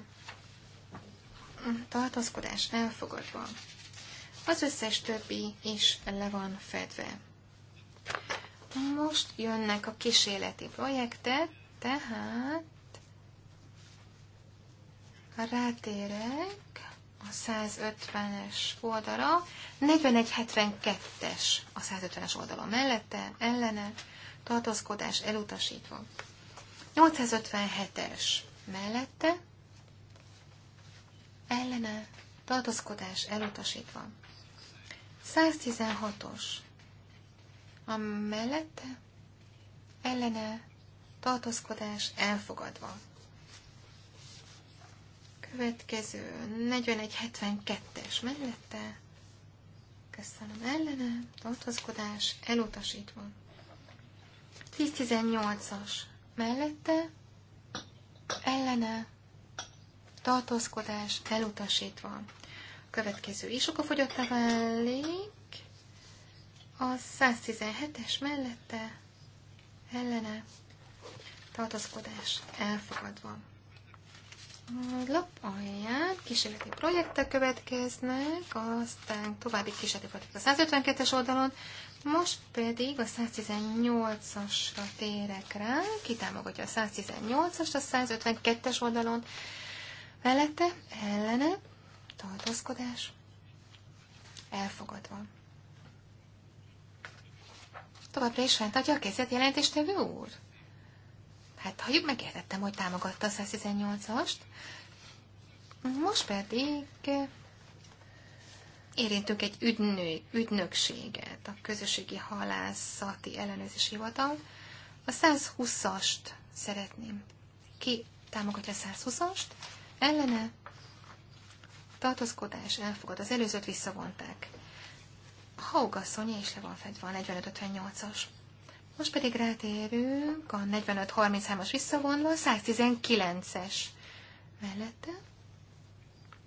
tartaszkodás elfogadva. Az összes többi is le van fedve. Most jönnek a kísérleti projektek, tehát rátérek a 150-es oldalra, 4172-es a 150-es oldala mellette, ellene, tartózkodás elutasítva. 857-es mellette, ellene, tartózkodás elutasítva. 116-os a mellette ellene tartózkodás elfogadva. Következő 4172-es mellette köszönöm ellene tartózkodás elutasítva. 1018-as mellette ellene tartózkodás elutasítva. Következő is a válik, a 117-es mellette ellene tartozkodás elfogadva. A lap alján kísérleti projektek következnek, aztán további kísérleti projektek a 152-es oldalon, most pedig a 118-asra térek rá, kitámogatja a 118-ast a 152-es oldalon, mellette ellene tartózkodás elfogadva továbbra is fenntartja a kezdet jelentéstevő úr? Hát hagyjuk, megértettem, hogy támogatta a 118-ast. Most pedig érintünk egy ügynő, ügynökséget, a Közösségi Halászati Ellenőrzési Hivatal. A 120-ast szeretném. Ki támogatja a 120-ast? Ellene tartózkodás elfogad. Az előzőt visszavonták. Haugasszony és le van fedve a 45-58-as. Most pedig rátérünk a 45-33-as visszavonva, 119-es mellette.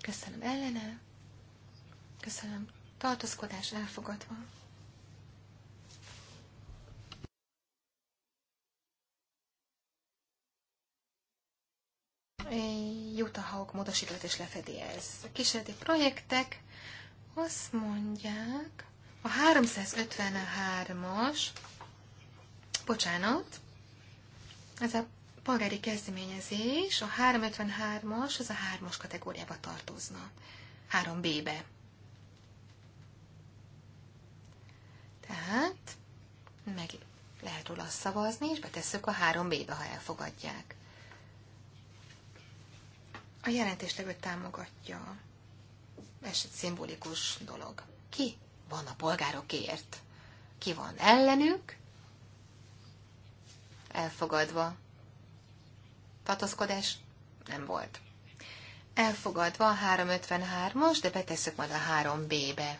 Köszönöm ellene. Köszönöm tartózkodás elfogadva. Utah Haug módosítót és lefedi ez. A kísérleti projektek azt mondják, a 353-as, bocsánat, ez a polgári kezdeményezés, a 353-as, ez a 3-as kategóriába tartozna. 3B-be. Tehát meg lehet róla szavazni, és betesszük a 3B-be, ha elfogadják. A jelentéstevő támogatja. Ez egy szimbolikus dolog. Ki van a polgárokért. Ki van ellenük? Elfogadva. Tartózkodás nem volt. Elfogadva a 353-as, de betesszük majd a 3B-be.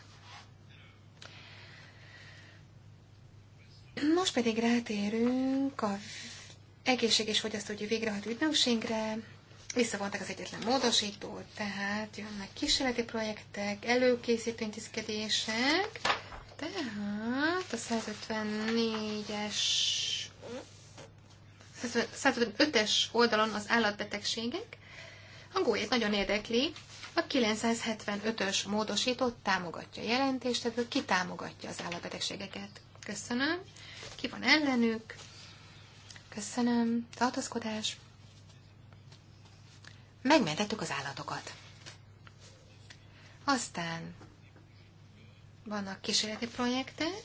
Most pedig rátérünk a egészség és fogyasztógyi végrehajtó ügynökségre, Visszavonták az egyetlen módosítót, tehát jönnek kísérleti projektek, előkészítő intézkedések, tehát a 154-es 155-es oldalon az állatbetegségek. A gólyét nagyon érdekli, a 975-ös módosított támogatja jelentést, tehát ki támogatja az állatbetegségeket. Köszönöm. Ki van ellenük? Köszönöm. Tartozkodás megmentettük az állatokat. Aztán vannak kísérleti projektek,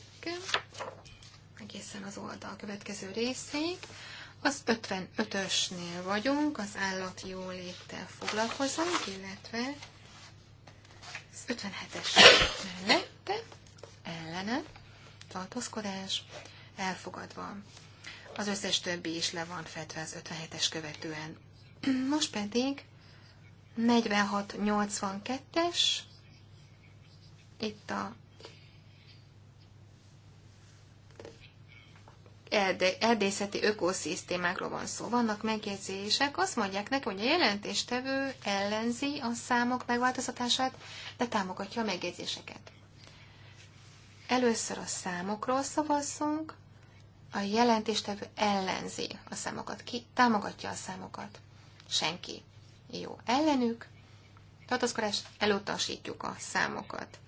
egészen az oldal következő részéig. Az 55-ösnél vagyunk, az állatjóléttel foglalkozunk, illetve az 57-es mellette, ellene, tartózkodás, elfogadva. Az összes többi is le van fedve az 57-es követően. Most pedig 4682-es, itt a erdészeti ökoszisztémákról van szó. Vannak megjegyzések, azt mondják nekem, hogy a jelentéstevő ellenzi a számok megváltoztatását, de támogatja a megjegyzéseket. Először a számokról szavazzunk, a jelentéstevő ellenzi a számokat, ki támogatja a számokat. Senki. Jó. Ellenük. Tartózkodás. Elutasítjuk a számokat.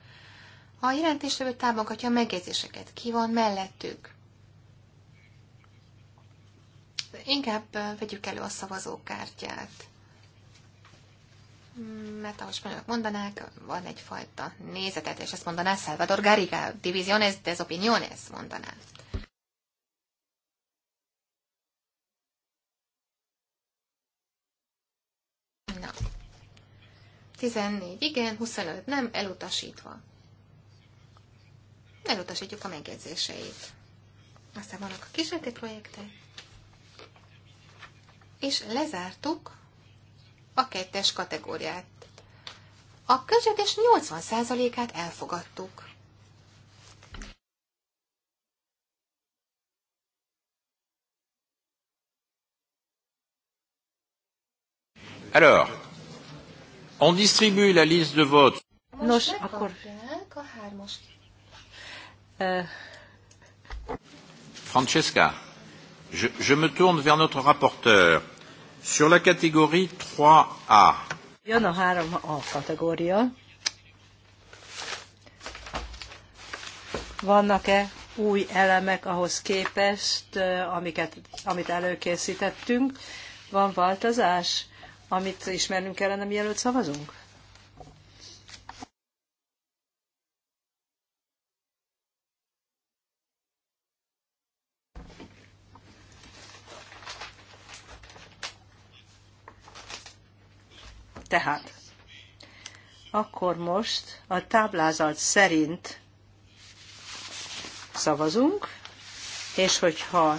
A jelentéstevő támogatja a megjegyzéseket. Ki van mellettük? Inkább vegyük elő a szavazókártyát. Hmm, mert ahogy spanyolok mondanák, van egyfajta nézetet, és ezt mondaná Salvador Garriga, divisiones desopiniones, mondaná. asszonynak. 14 igen, 25 nem, elutasítva. Elutasítjuk a megjegyzéseit. Aztán vannak a kísérleti projektek. És lezártuk a kettes kategóriát. A közvetés 80%-át elfogadtuk. Alors, on distribue la liste de vote. Nos, akkor... Francesca, je, je me tourne vers notre rapporteur. Sur la catégorie 3A. Jön a 3A kategória. Vannak-e új elemek ahhoz képest, amiket, amit előkészítettünk? Van változás? amit ismernünk kellene, mielőtt szavazunk? Tehát, akkor most a táblázat szerint szavazunk, és hogyha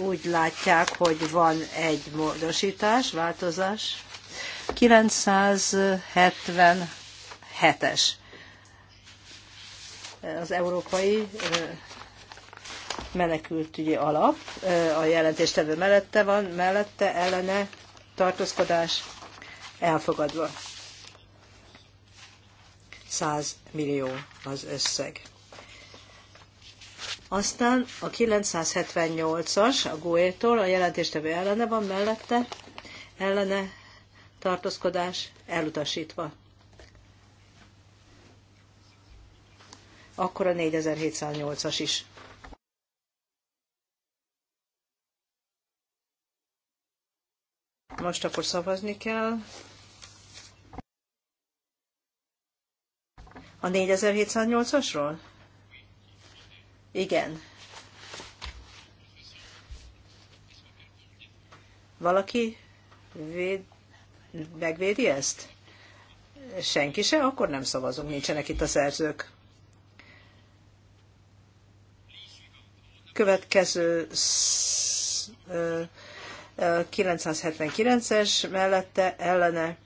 úgy látják, hogy van egy módosítás, változás. 977-es az Európai Menekültügyi Alap. A jelentéstevő mellette van, mellette ellene tartózkodás elfogadva. 100 millió az összeg. Aztán a 978-as a GUE-tól a jelentéstevő ellene van mellette, ellene tartózkodás elutasítva. Akkor a 4708-as is. Most akkor szavazni kell. A 4708-asról? Igen. Valaki véd, megvédi ezt? Senki se? Akkor nem szavazunk, nincsenek itt a szerzők. Következő 979-es mellette ellene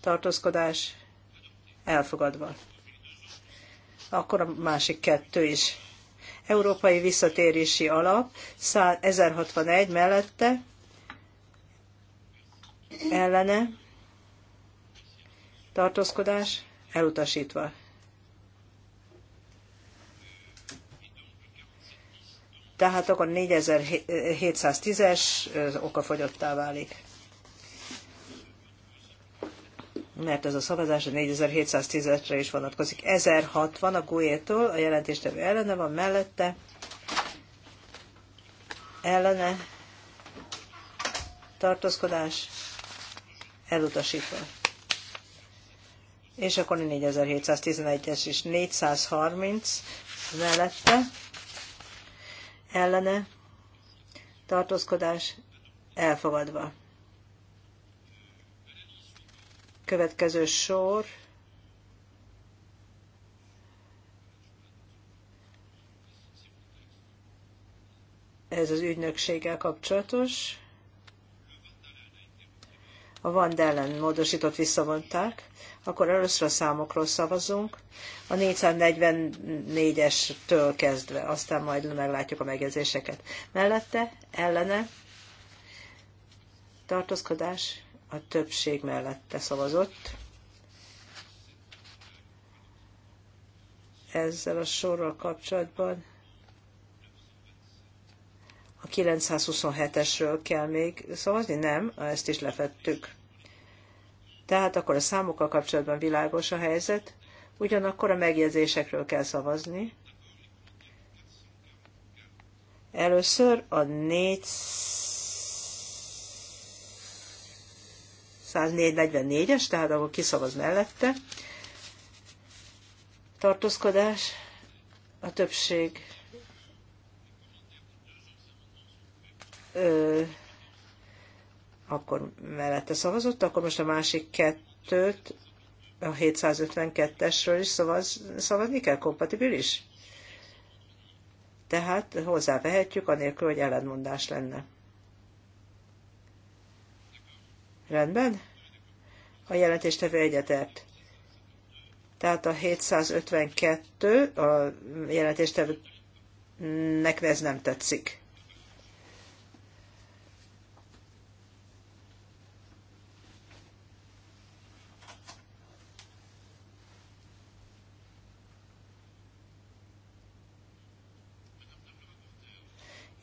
tartózkodás elfogadva. Akkor a másik kettő is Európai Visszatérési Alap 1061 mellette ellene tartózkodás elutasítva. Tehát akkor 4710-es eh, okafogyottá válik. mert ez a szavazás a 4710-re is vonatkozik. 1060 a gué-tól, a jelentéstevő ellene van mellette, ellene tartózkodás elutasítva. És akkor a 4711-es is 430 mellette ellene tartózkodás elfogadva. következő sor ez az ügynökséggel kapcsolatos. A Van Dellen módosított visszavonták. Akkor először a számokról szavazunk. A 444-estől kezdve, aztán majd meglátjuk a megjegyzéseket. Mellette, ellene, tartózkodás, a többség mellette szavazott. Ezzel a sorral kapcsolatban a 927-esről kell még szavazni? Nem, ezt is lefettük. Tehát akkor a számokkal kapcsolatban világos a helyzet, ugyanakkor a megjegyzésekről kell szavazni. Először a 4 144-es, tehát akkor kiszavaz mellette. Tartózkodás, a többség ö, akkor mellette szavazott, akkor most a másik kettőt, a 752-esről is szavaz, szavazni kell, kompatibilis? Tehát hozzávehetjük, anélkül, hogy ellenmondás lenne. Rendben? A jelentéstevő egyetért. Tehát a 752 a jelentéstevőnek ez nem tetszik.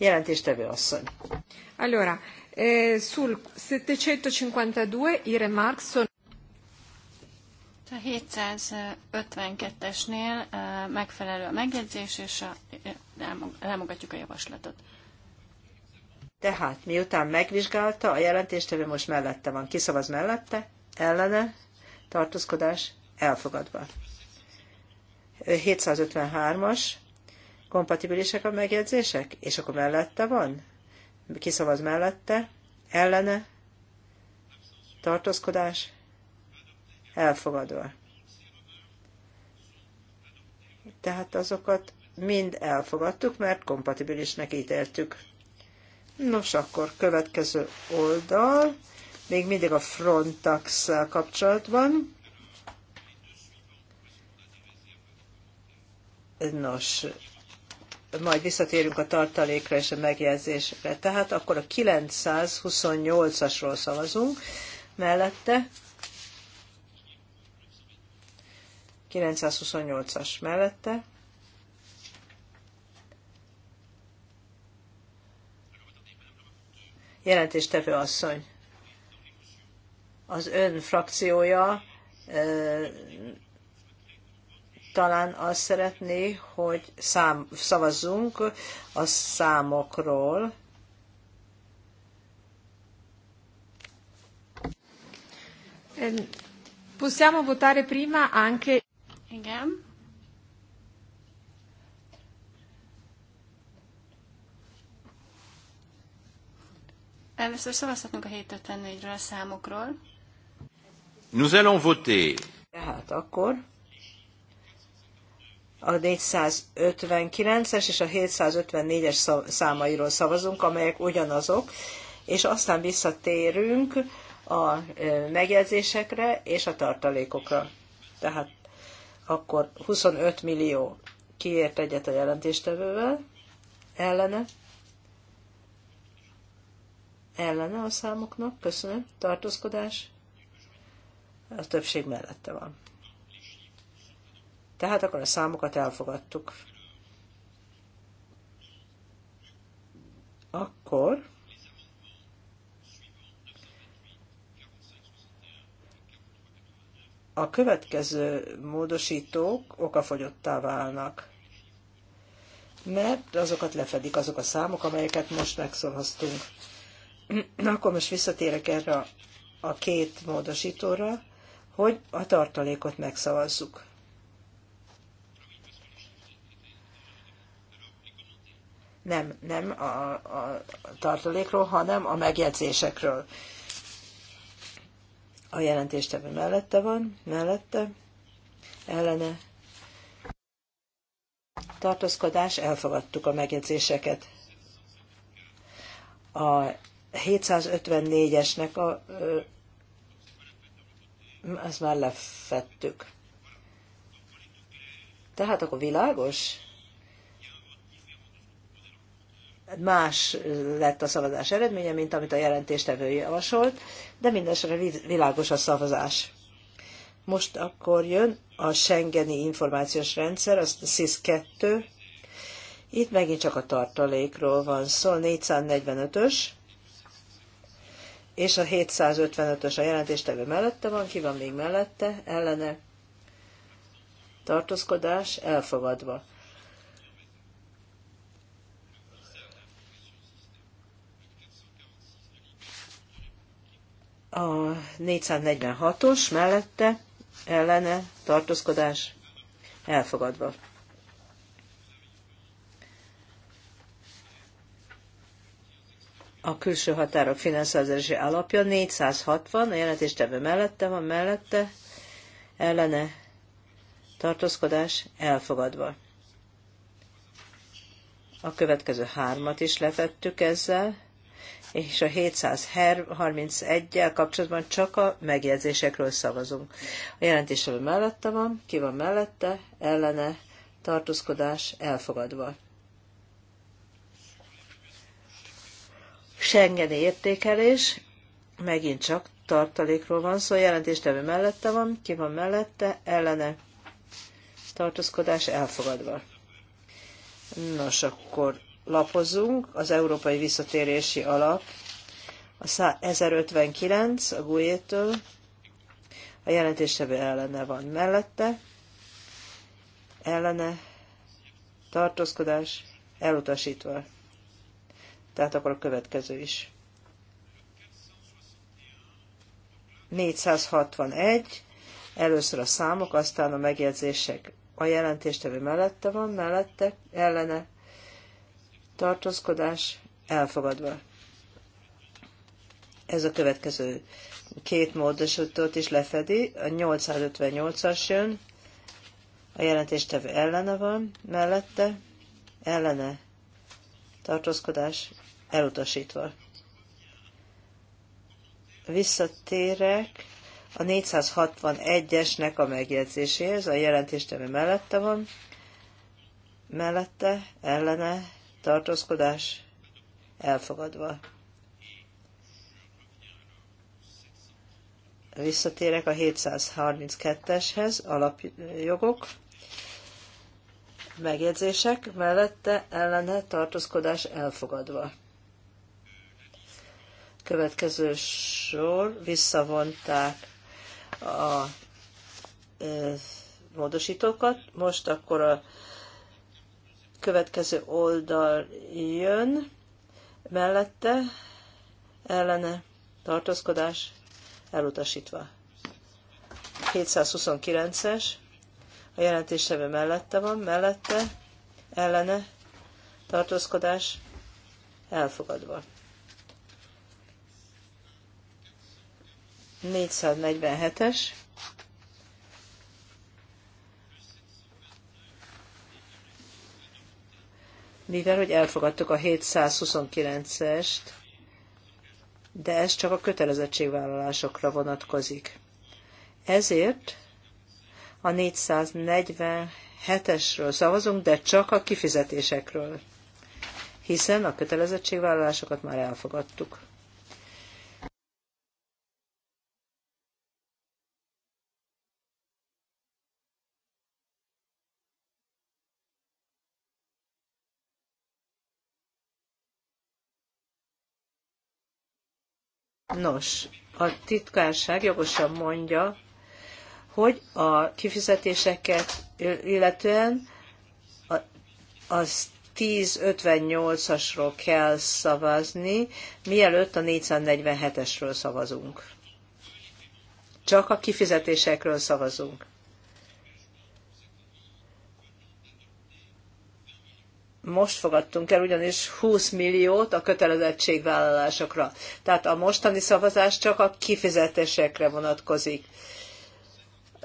Jelentéstevő asszony. Allora, eh, sul 752 i remarks sono... A 752-esnél eh, megfelelő a megjegyzés, és a, támogatjuk eh, a javaslatot. Tehát, miután megvizsgálta, a jelentéstevő most mellette van. Kiszavaz mellette, ellene, tartózkodás elfogadva. 753-as eh, Kompatibilisek a megjegyzések? És akkor mellette van? Ki szavaz mellette? Ellene? Tartózkodás? Elfogadva. Tehát azokat mind elfogadtuk, mert kompatibilisnek ítéltük. Nos, akkor következő oldal, még mindig a frontax kapcsolatban. Nos, majd visszatérünk a tartalékra és a megjegyzésre. Tehát akkor a 928-asról szavazunk mellette. 928-as mellette. Jelentéstevő asszony. Az ön frakciója talán azt szeretné, hogy szám, szavazzunk a számokról. Ehm, possiamo votare prima anche... Igen. Először szavazhatunk a 754-ről a számokról. Nous allons voter. Tehát akkor a 459-es és a 754-es számairól szavazunk, amelyek ugyanazok, és aztán visszatérünk a megjegyzésekre és a tartalékokra. Tehát akkor 25 millió kiért egyet a jelentéstevővel, ellene, ellene a számoknak, köszönöm, tartózkodás, a többség mellette van. Tehát akkor a számokat elfogadtuk. Akkor a következő módosítók okafogyottá válnak, mert azokat lefedik azok a számok, amelyeket most megszavaztunk. Akkor most visszatérek erre a két módosítóra, hogy a tartalékot megszavazzuk. nem, nem a, a tartalékról, hanem a megjegyzésekről. A jelentéstevő mellette van, mellette, ellene. Tartózkodás, elfogadtuk a megjegyzéseket. A 754-esnek a, ezt már lefettük. Tehát akkor világos? más lett a szavazás eredménye, mint amit a jelentéstevő javasolt, de mindesetre világos a szavazás. Most akkor jön a Schengeni információs rendszer, az SIS-2. Itt megint csak a tartalékról van szó, 445-ös, és a 755-ös a jelentéstevő mellette van, ki van még mellette, ellene, tartózkodás elfogadva. A 446-os mellette ellene tartózkodás elfogadva. a külső határok finanszírozási alapja 460, a jelentéstevő mellette van, mellette ellene tartózkodás elfogadva. A következő hármat is lefettük ezzel és a 731 jel kapcsolatban csak a megjegyzésekről szavazunk. A jelentés, ami mellette van, ki van mellette, ellene, tartózkodás elfogadva. Schengeni értékelés, megint csak tartalékról van szó, jelentéstevő mellette van, ki van mellette, ellene, tartózkodás elfogadva. Nos, akkor lapozunk, az Európai Visszatérési Alap, a 1059 a GUE-től, a jelentéstevő ellene van mellette, ellene tartózkodás elutasítva. Tehát akkor a következő is. 461, először a számok, aztán a megjegyzések. A jelentéstevő mellette van, mellette, ellene tartózkodás elfogadva. Ez a következő két módosítót is lefedi. A 858-as jön, a jelentéstevő ellene van, mellette ellene tartózkodás elutasítva. Visszatérek a 461-esnek a megjegyzéséhez, a jelentéstevő mellette van, mellette, ellene, tartózkodás elfogadva. Visszatérek a 732-eshez, alapjogok, megjegyzések, mellette ellene tartózkodás elfogadva. Következő sor, visszavonták a módosítókat, most akkor a következő oldal jön, mellette ellene tartózkodás elutasítva. 729-es, a jelentésevő mellette van, mellette ellene tartózkodás elfogadva. 447-es mivel hogy elfogadtuk a 729-est, de ez csak a kötelezettségvállalásokra vonatkozik. Ezért a 447-esről szavazunk, de csak a kifizetésekről, hiszen a kötelezettségvállalásokat már elfogadtuk. Nos, a titkárság jogosan mondja, hogy a kifizetéseket illetően az 1058-asról kell szavazni, mielőtt a 447-esről szavazunk. Csak a kifizetésekről szavazunk. most fogadtunk el ugyanis 20 milliót a kötelezettségvállalásokra. Tehát a mostani szavazás csak a kifizetésekre vonatkozik.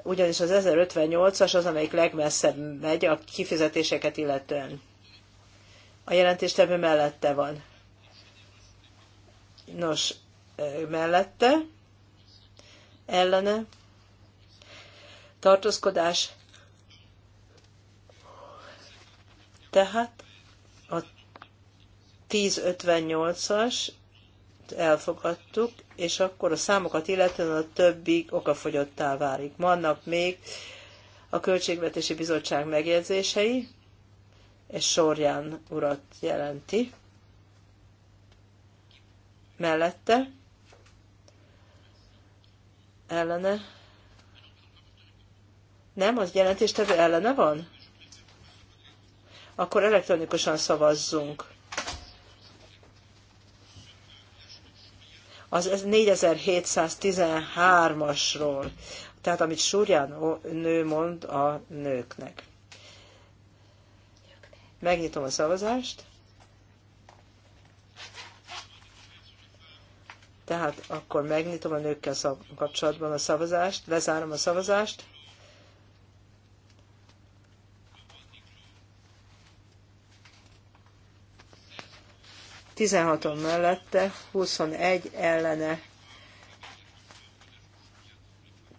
Ugyanis az 1058-as az, amelyik legmesszebb megy a kifizetéseket illetően. A jelentéstevő mellette van. Nos, mellette, ellene, tartózkodás, tehát 1058-as elfogadtuk, és akkor a számokat illetően a többi okafogyottá válik. Vannak még a Költségvetési Bizottság megjegyzései, és Sorján urat jelenti. Mellette ellene nem, az jelentéstevő ellene van? Akkor elektronikusan szavazzunk. az 4713-asról, tehát amit Súrján nő mond a nőknek. Megnyitom a szavazást. Tehát akkor megnyitom a nőkkel kapcsolatban a szavazást, lezárom a szavazást. 16-on mellette, 21 ellene.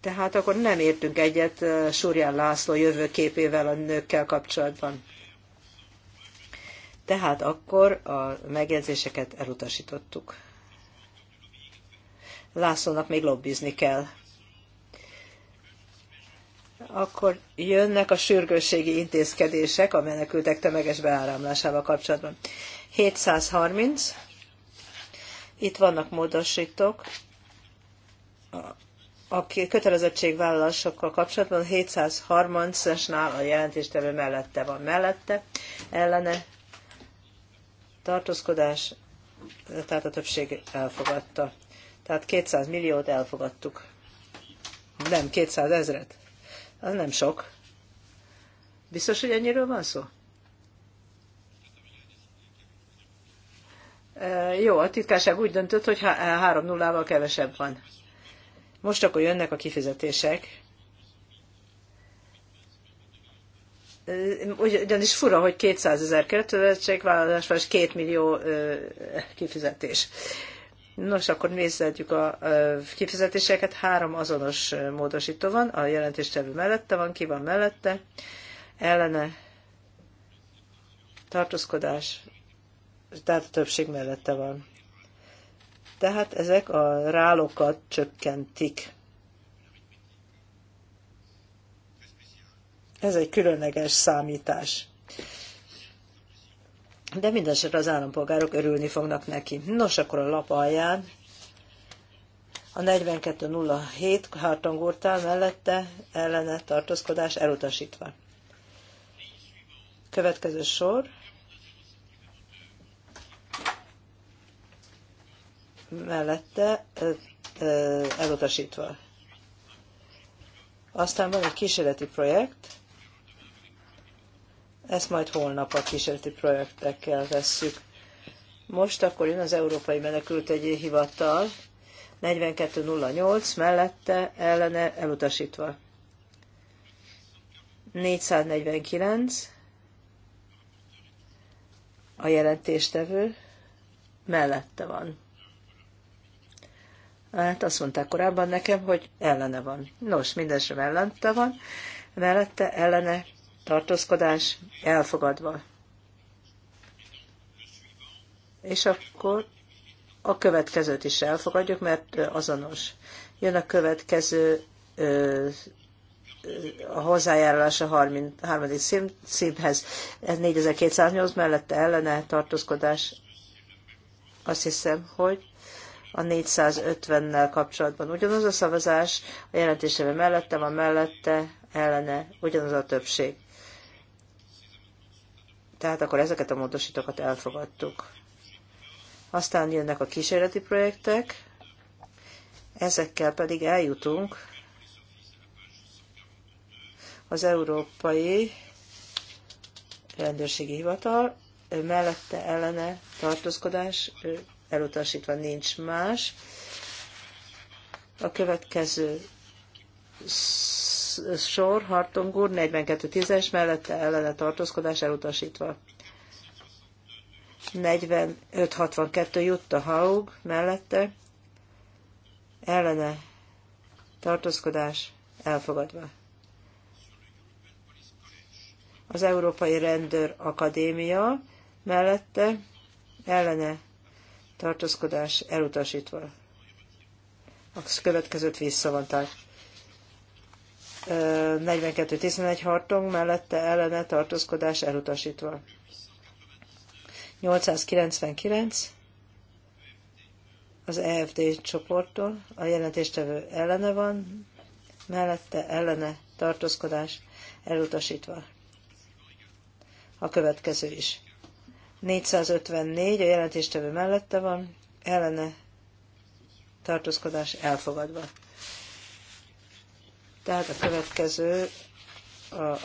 Tehát akkor nem értünk egyet Súrján László jövőképével a nőkkel kapcsolatban. Tehát akkor a megjegyzéseket elutasítottuk. Lászlónak még lobbizni kell. Akkor jönnek a sürgősségi intézkedések a menekültek tömeges beáramlásával kapcsolatban. 730. Itt vannak módosítók. A kötelezettségvállalásokkal kapcsolatban 730-esnál a jelentéstevő mellette van mellette, ellene tartózkodás, tehát a többség elfogadta. Tehát 200 milliót elfogadtuk. Nem, 200 ezret. Az nem sok. Biztos, hogy ennyiről van szó? Jó, a titkárság úgy döntött, hogy három nullával kevesebb van. Most akkor jönnek a kifizetések. Ugyanis fura, hogy 200 ezer kötelezettségvállalás van, vagy 2 millió kifizetés. Nos, akkor nézzük a kifizetéseket. Három azonos módosító van, a jelentéstevő mellette van, ki van mellette, ellene, tartózkodás, tehát a többség mellette van. Tehát ezek a rálokat csökkentik. Ez egy különleges számítás. De mindesetre az állampolgárok örülni fognak neki. Nos, akkor a lap alján a 4207 Hartongurtál mellette ellene tartózkodás elutasítva. Következő sor mellette elutasítva. Aztán van egy kísérleti projekt, ezt majd holnap a kísérleti projektekkel vesszük. Most akkor jön az Európai Menekültügyi Hivatal, 4208 mellette ellene elutasítva. 449 a jelentéstevő mellette van. Hát azt mondták korábban nekem, hogy ellene van. Nos, sem ellente van, mellette ellene tartózkodás elfogadva. És akkor a következőt is elfogadjuk, mert azonos. Jön a következő ö, a hozzájárulás a 33. Szín, színhez. Ez 4208 mellette ellene tartózkodás. Azt hiszem, hogy a 450-nel kapcsolatban. Ugyanaz a szavazás, a jelentésében mellette van, mellette, ellene, ugyanaz a többség. Tehát akkor ezeket a módosítókat elfogadtuk. Aztán jönnek a kísérleti projektek, ezekkel pedig eljutunk az Európai Rendőrségi Hivatal mellette ellene tartózkodás elutasítva nincs más. A következő sor, Hartong úr, 4210 es mellette ellene tartózkodás elutasítva. 45.62 62 Jutta Haug mellette ellene tartózkodás elfogadva. Az Európai Rendőr Akadémia mellette ellene tartózkodás elutasítva. A következőt visszavonták. 42.11 hartong mellette ellene tartózkodás elutasítva. 899 az EFD csoporttól, a jelentéstevő ellene van, mellette ellene tartózkodás elutasítva. A következő is. 454, a jelentéstevő mellette van, ellene tartózkodás elfogadva. Tehát a következő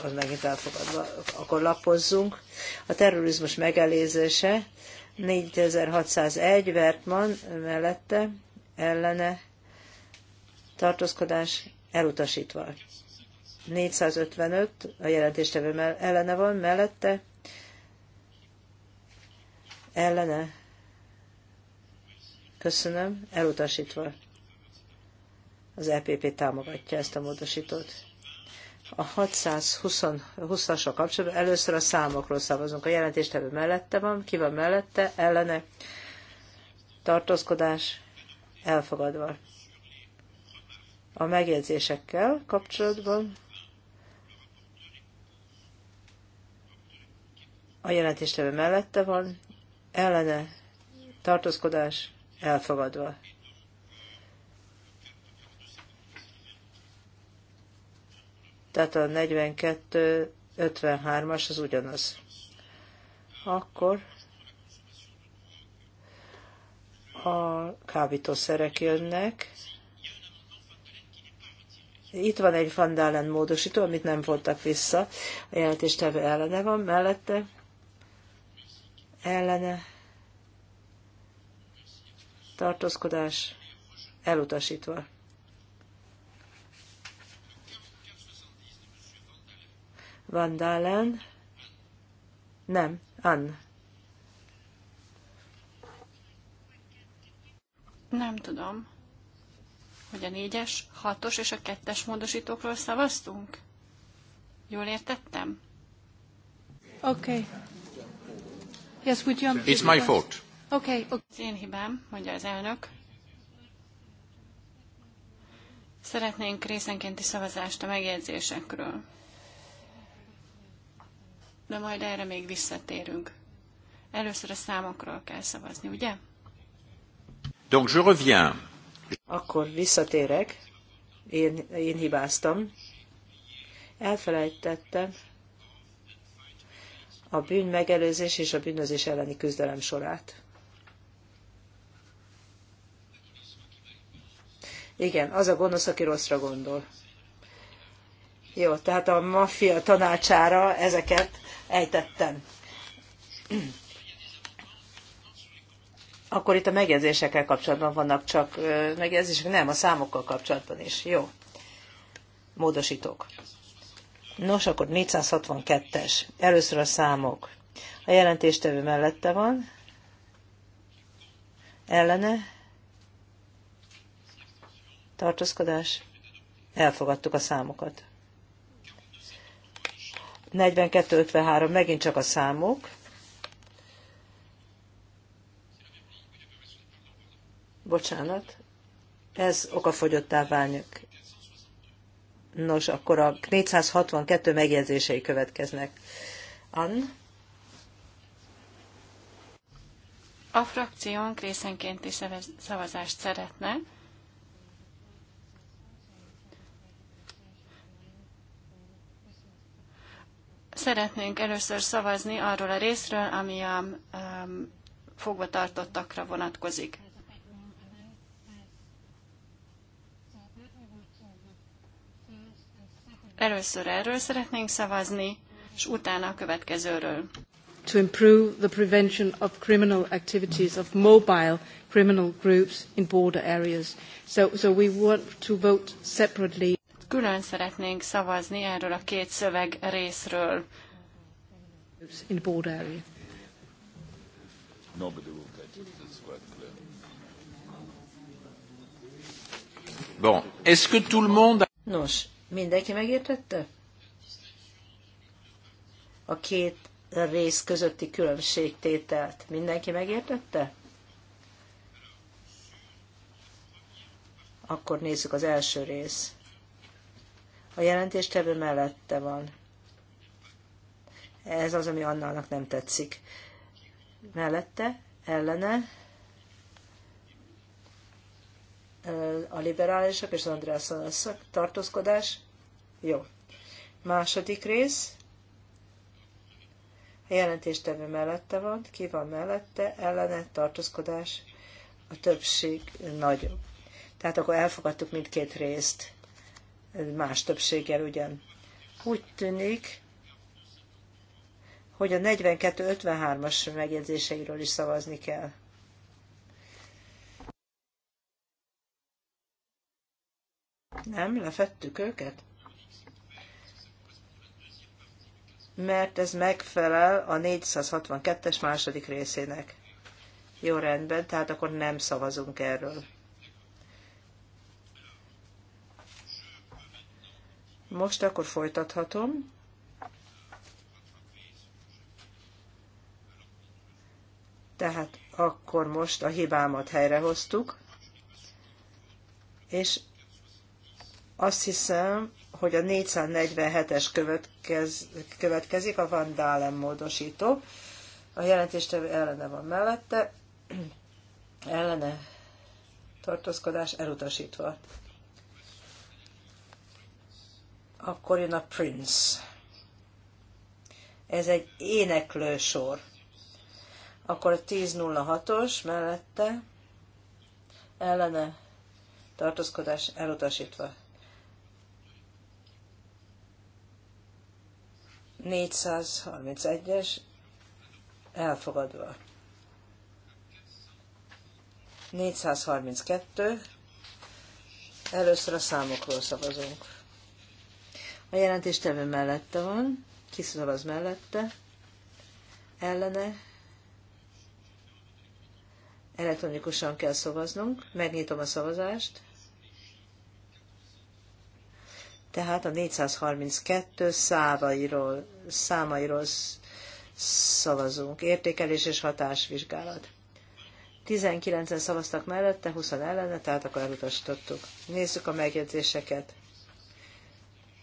az megint elfogadva. Akkor lapozzunk. A terrorizmus megelézése 4601 Vertman mellette ellene tartózkodás elutasítva. 455 a jelentéstevő ellene van, mellette ellene köszönöm, elutasítva. Az EPP támogatja ezt a módosítót. A 620-asra kapcsolatban először a számokról szavazunk. A jelentéstevő mellette van, ki van mellette, ellene, tartózkodás, elfogadva. A megjegyzésekkel kapcsolatban a jelentéstevő mellette van, ellene tartózkodás elfogadva. Tehát a 42-53-as az ugyanaz. Akkor a kábítószerek jönnek. Itt van egy Fandálen módosító, amit nem voltak vissza. A jelentéstevő ellene van mellette, ellene tartózkodás elutasítva. Van Dalen. Nem, Ann. Nem tudom, hogy a négyes, hatos és a kettes módosítókról szavaztunk? Jól értettem? Oké. Okay. Yes, we jumped. It's my fault. Okay, okay. Az én hibám, mondja az elnök. Szeretnénk részenkénti szavazást a megjegyzésekről. De majd erre még visszatérünk. Először a számokról kell szavazni, ugye? Donc je reviens. Akkor visszatérek. Én, én hibáztam. Elfelejtettem, a bűn megelőzés és a bűnözés elleni küzdelem sorát. Igen, az a gonosz, aki rosszra gondol. Jó, tehát a maffia tanácsára ezeket ejtettem. Akkor itt a megjegyzésekkel kapcsolatban vannak csak megjegyzések, nem, a számokkal kapcsolatban is. Jó. Módosítok. Nos, akkor 462-es. Először a számok. A jelentéstevő mellette van. Ellene. Tartózkodás. Elfogadtuk a számokat. 42-53, megint csak a számok. Bocsánat, ez okafogyottá válnak. Nos, akkor a 462 megjegyzései következnek. Ann? A frakciónk részenkénti szavazást szeretne. Szeretnénk először szavazni arról a részről, ami a um, fogvatartottakra vonatkozik. Először erről szeretnénk szavazni, és utána a következőről. To improve the prevention of criminal activities of mobile criminal groups in border areas. So, so we want to vote separately. Külön szeretnénk szavazni erről a két szöveg részről. In border area. Nobody will catch it. It's quite clear. Bon, est-ce que tout le monde Nos, Mindenki megértette? A két rész közötti különbségtételt. Mindenki megértette? Akkor nézzük az első rész. A jelentéstevő mellette van. Ez az, ami Annának nem tetszik. Mellette, ellene, a liberálisok és az Andrászon tartózkodás. Jó. Második rész. A jelentéstevő mellette van, ki van mellette, ellene tartózkodás, a többség nagyobb. Tehát akkor elfogadtuk mindkét részt, más többséggel ugyan. Úgy tűnik, hogy a 42-53-as megjegyzéseiről is szavazni kell. Nem, lefettük őket? Mert ez megfelel a 462-es második részének. Jó rendben, tehát akkor nem szavazunk erről. Most akkor folytathatom. Tehát akkor most a hibámat helyrehoztuk, és azt hiszem, hogy a 447-es következ, következik, a Van Dalen módosító. A jelentéstevő ellene van mellette, *clears throat* ellene tartózkodás elutasítva. Akkor jön a Prince. Ez egy éneklő sor. Akkor a 10.06-os mellette ellene tartózkodás elutasítva. 431-es elfogadva. 432. Először a számokról szavazunk. A tevő mellette van, kiszavaz mellette, ellene, elektronikusan kell szavaznunk, megnyitom a szavazást, tehát a 432 szávairól, számairól szavazunk. Értékelés és hatásvizsgálat. 19-en szavaztak mellette, 20 ellene, tehát akkor elutasítottuk. Nézzük a megjegyzéseket.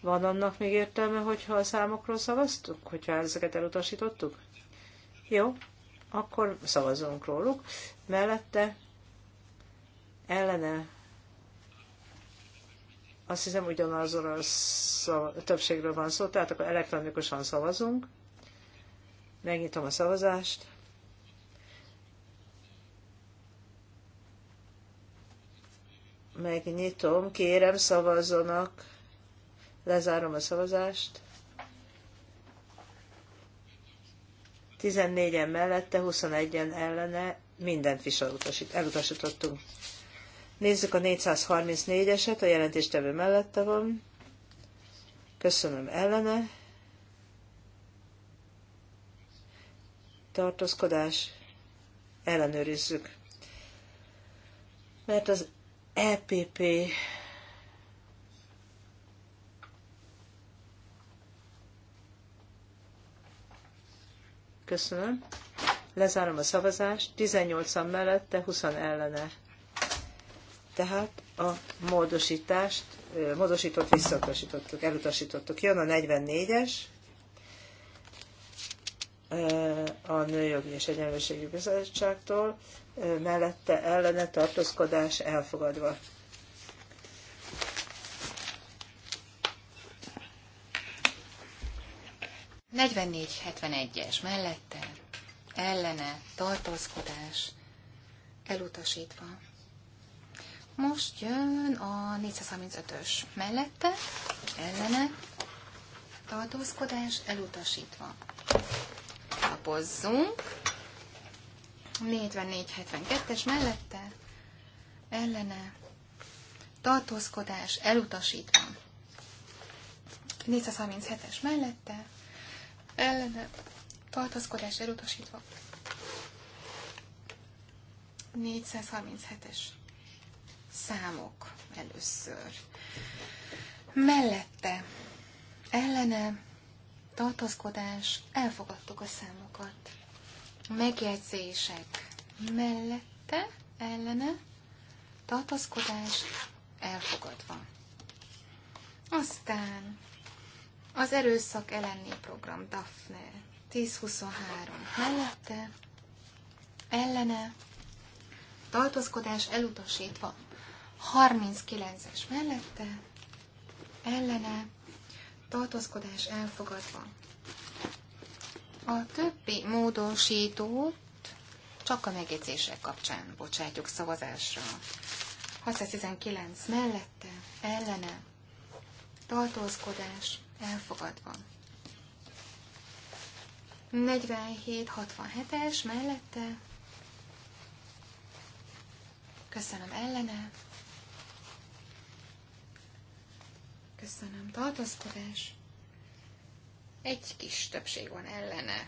Van annak még értelme, hogyha a számokról szavaztuk, hogyha ezeket elutasítottuk? Jó, akkor szavazunk róluk. Mellette ellene azt hiszem ugyanazon a szav- többségről van szó, tehát akkor elektronikusan szavazunk. Megnyitom a szavazást. Megnyitom, kérem szavazzanak. Lezárom a szavazást. 14-en mellette, 21-en ellene mindent visszautasít, elutasítottunk. Nézzük a 434-eset, a jelentéstevő mellette van. Köszönöm ellene. Tartózkodás. Ellenőrizzük. Mert az EPP Köszönöm. Lezárom a szavazást. 18-an mellette, 20 ellene. Tehát a módosítást, módosított, visszautasítottuk, elutasítottuk. Jön a 44-es, a Nőjogi és Egyenlőségi Bizottságtól, mellette ellene tartózkodás elfogadva. es mellette ellene tartózkodás elutasítva. Most jön a 435-ös mellette, ellene, tartózkodás elutasítva. Lapozzunk. 4472 es mellette, ellene, tartózkodás elutasítva. 437-es mellette, ellene, tartózkodás elutasítva. 437-es számok először. Mellette, ellene, tartozkodás, elfogadtuk a számokat. Megjegyzések mellette, ellene, tartozkodás, elfogadva. Aztán az erőszak elleni program Daphne 1023 mellette, ellene, tartozkodás elutasítva. 39-es mellette, ellene, tartózkodás elfogadva. A többi módosítót csak a megjegyzések kapcsán bocsátjuk szavazásra. 619 mellette, ellene, tartózkodás elfogadva. 47-67-es mellette, köszönöm ellene, Köszönöm. Tartaszkodás. Egy kis többség van ellene.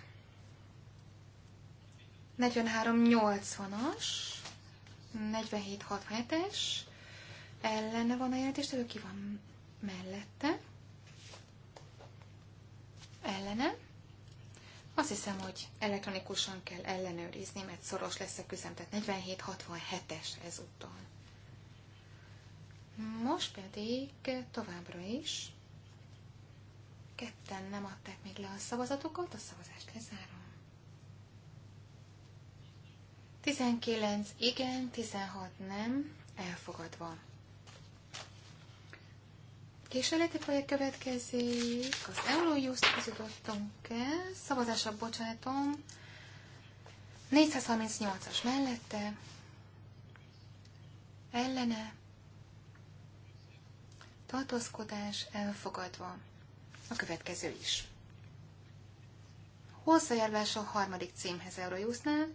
43-80-as, 47-67-es, ellene van a jelentés, tehát ki van mellette, ellene. Azt hiszem, hogy elektronikusan kell ellenőrizni, mert szoros lesz a küzem, tehát 47-67-es ezúttal. Most pedig továbbra is ketten nem adták még le a szavazatokat, a szavazást lezárom. 19 igen, 16 nem, elfogadva. Kísérleti projekt következik, az Eurojust közöttünk el, szavazásra bocsátom, 438-as mellette, ellene, tartózkodás elfogadva. A következő is. Hozzájárulás a harmadik címhez Eurojusznál.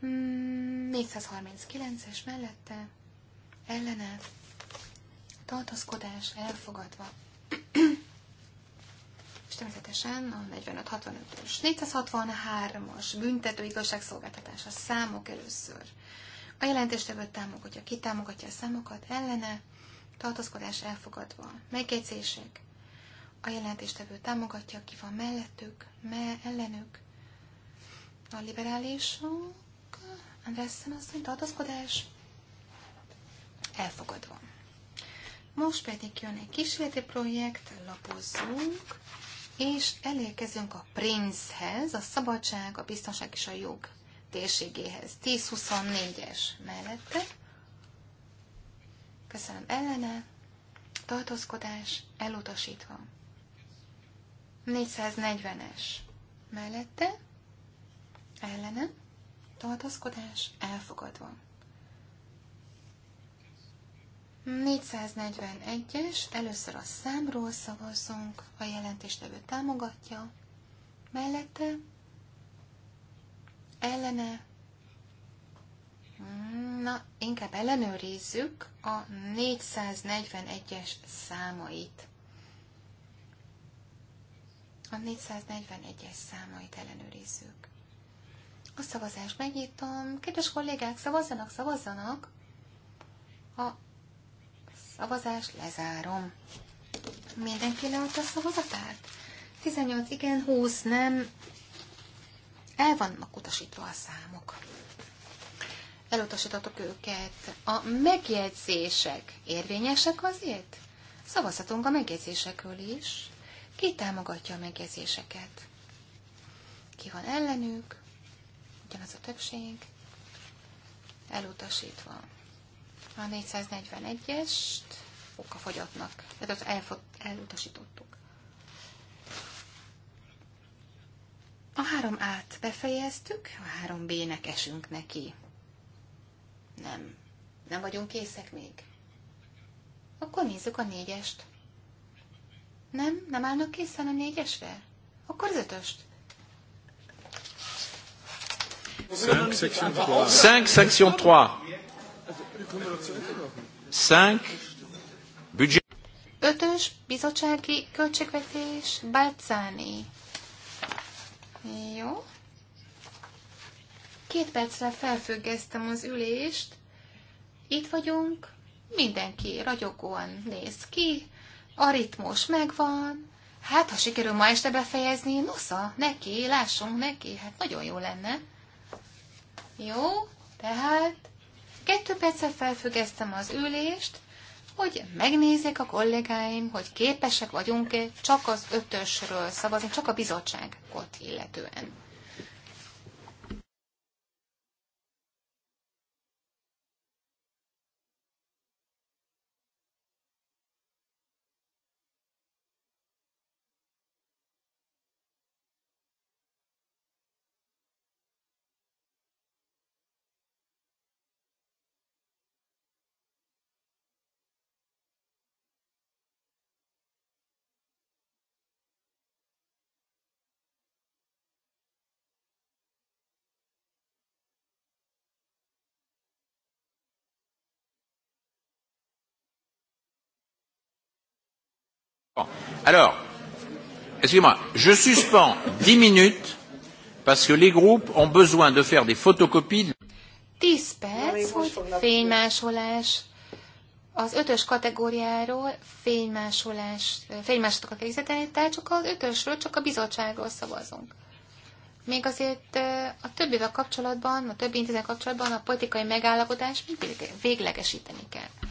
439-es hmm, mellette, ellene, tartózkodás elfogadva. És természetesen a 45-65-ös 463-as büntető igazságszolgáltatás a számok először. A jelentéstevő támogatja, ki támogatja a számokat ellene, Tartozkodás elfogadva. Megjegyzések. A jelentéstevő támogatja, ki van mellettük, me, ellenük. A liberálisok. Andressen hogy tartozkodás. Elfogadva. Most pedig jön egy kísérleti projekt, lapozzunk, és elérkezünk a Princehez, a szabadság, a biztonság és a jog térségéhez. 10-24-es mellette Köszönöm ellene. Tartózkodás elutasítva. 440-es. Mellette. Ellene. Tartózkodás elfogadva. 441-es, először a számról szavazzunk, a jelentéstevő támogatja, mellette, ellene, Na, inkább ellenőrizzük a 441-es számait. A 441-es számait ellenőrizzük. A szavazást megnyitom. Kedves kollégák, szavazzanak, szavazzanak! A szavazást lezárom. Mindenki leadta a szavazatát? 18 igen, 20 nem. El vannak utasítva a számok elutasítatok őket. A megjegyzések érvényesek azért? Szavazhatunk a megjegyzésekről is. Ki támogatja a megjegyzéseket? Ki van ellenük? Ugyanaz a többség. Elutasítva. A 441-est fogyatnak. tehát elfot, elutasítottuk. A 3 át befejeztük, a 3B-nek esünk neki. Nem. Nem vagyunk készek még. Akkor nézzük a négyest. Nem? Nem állnak készen a négyesre? Akkor az ötöst. Cinq section 3. Cinq section 3. budget. Ötös bizottsági költségvetés Balcáni. Jó. Két percre felfüggesztem az ülést. Itt vagyunk, mindenki ragyogóan néz ki, a ritmus megvan. Hát, ha sikerül ma este befejezni, nosza, neki, lássunk neki, hát nagyon jó lenne. Jó, tehát kettő percre felfüggesztem az ülést, hogy megnézzék a kollégáim, hogy képesek vagyunk-e csak az ötösről szavazni, csak a bizottságot illetően. Bon. Alors, excusez-moi, je suspends 10 minutes parce que les groupes ont besoin de faire des photocopies. 10 perc, hogy fénymásolás az ötös kategóriáról fénymásolás, fénymásolatokat készíteni, tehát csak az ötösről, csak a bizottságról szavazunk. Még azért a többivel kapcsolatban, a többi intézet kapcsolatban a politikai megállapodás mindig véglegesíteni kell.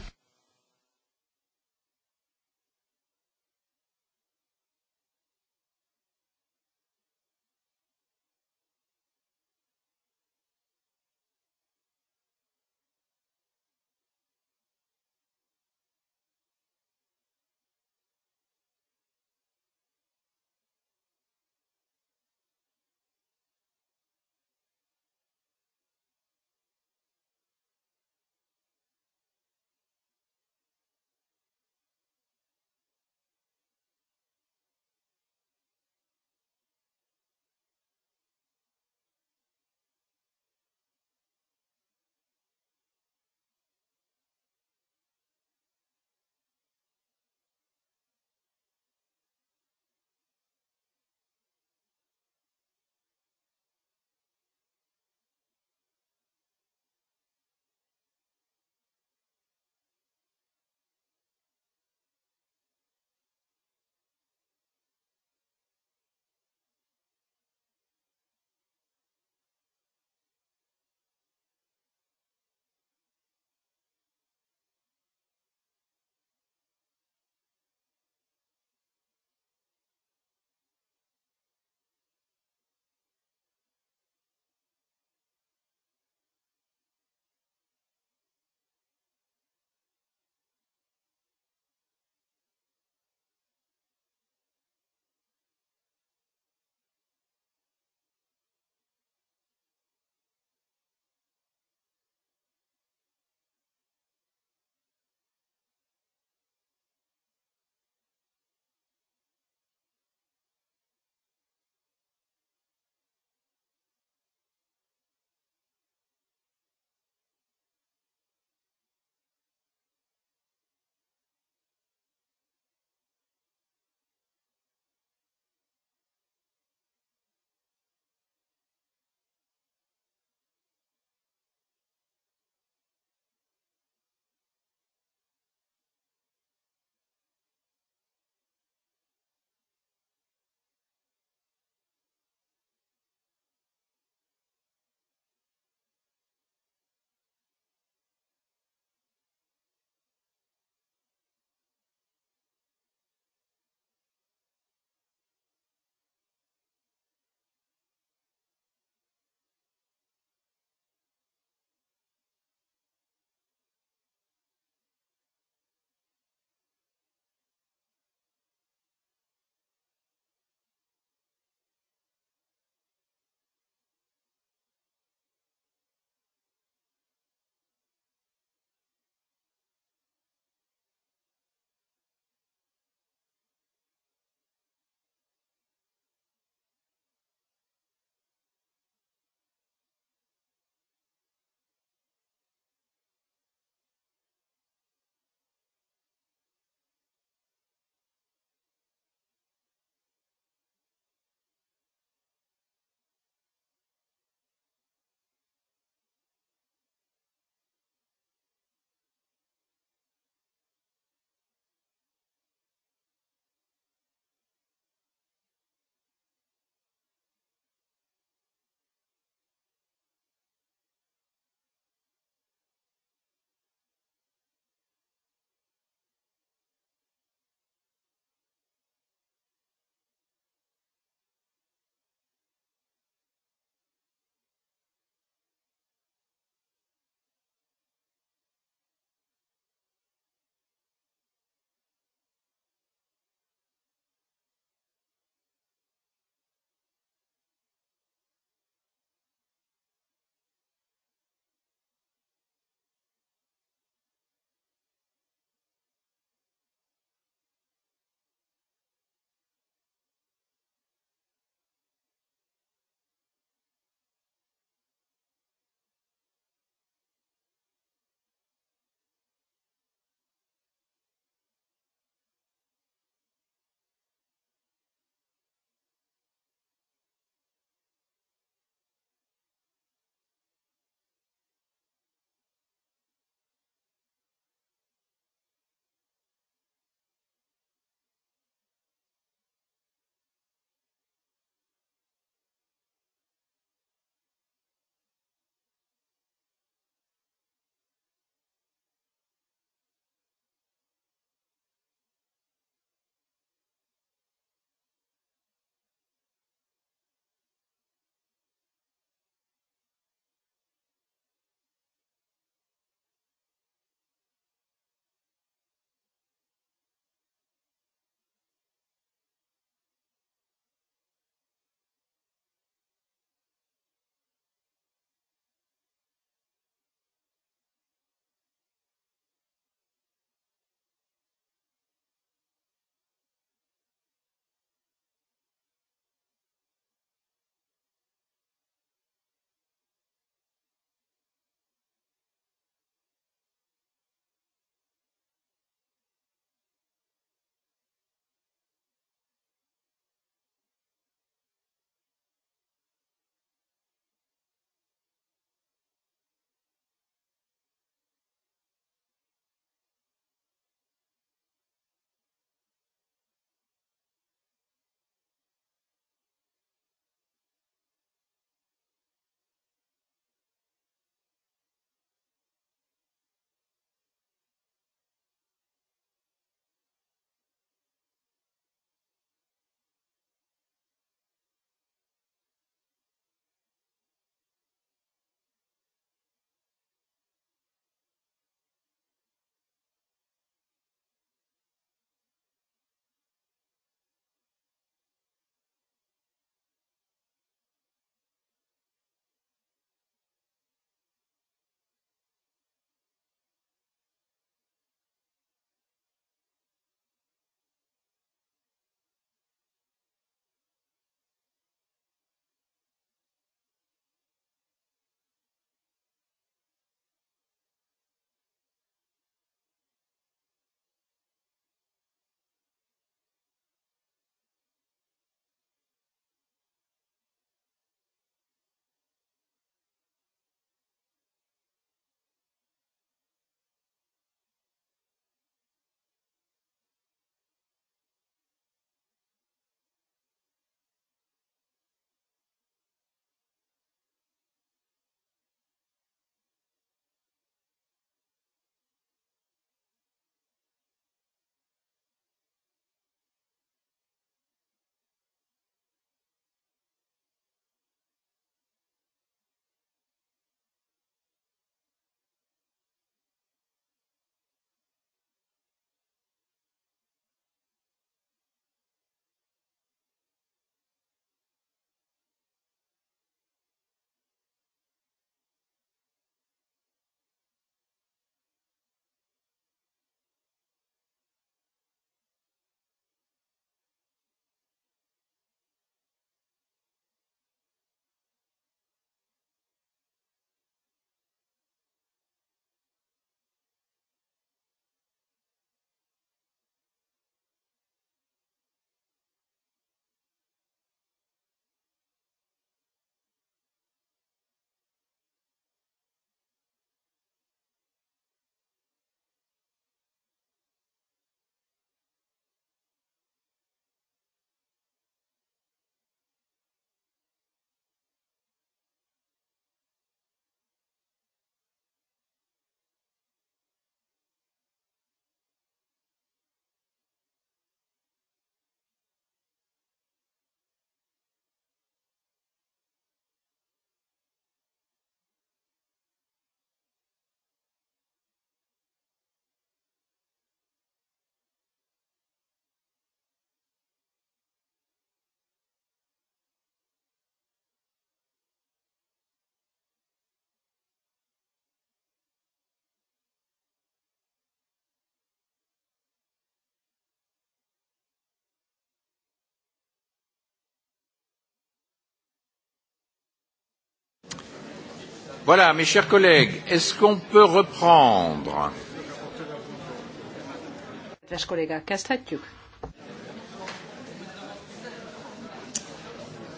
Voilà, mes chers collègues, est-ce qu'on peut reprendre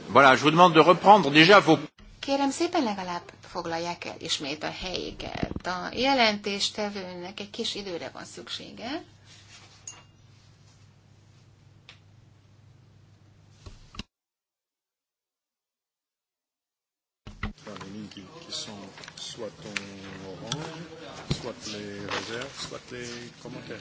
Voilà, je vous demande de reprendre déjà vos... Kérem szépen legalább foglalják el ismét a helyéket. A jelentéstevőnek egy kis időre van szüksége. pas les lignes qui, qui sont soit en orange, soit les réserves, soit les commentaires.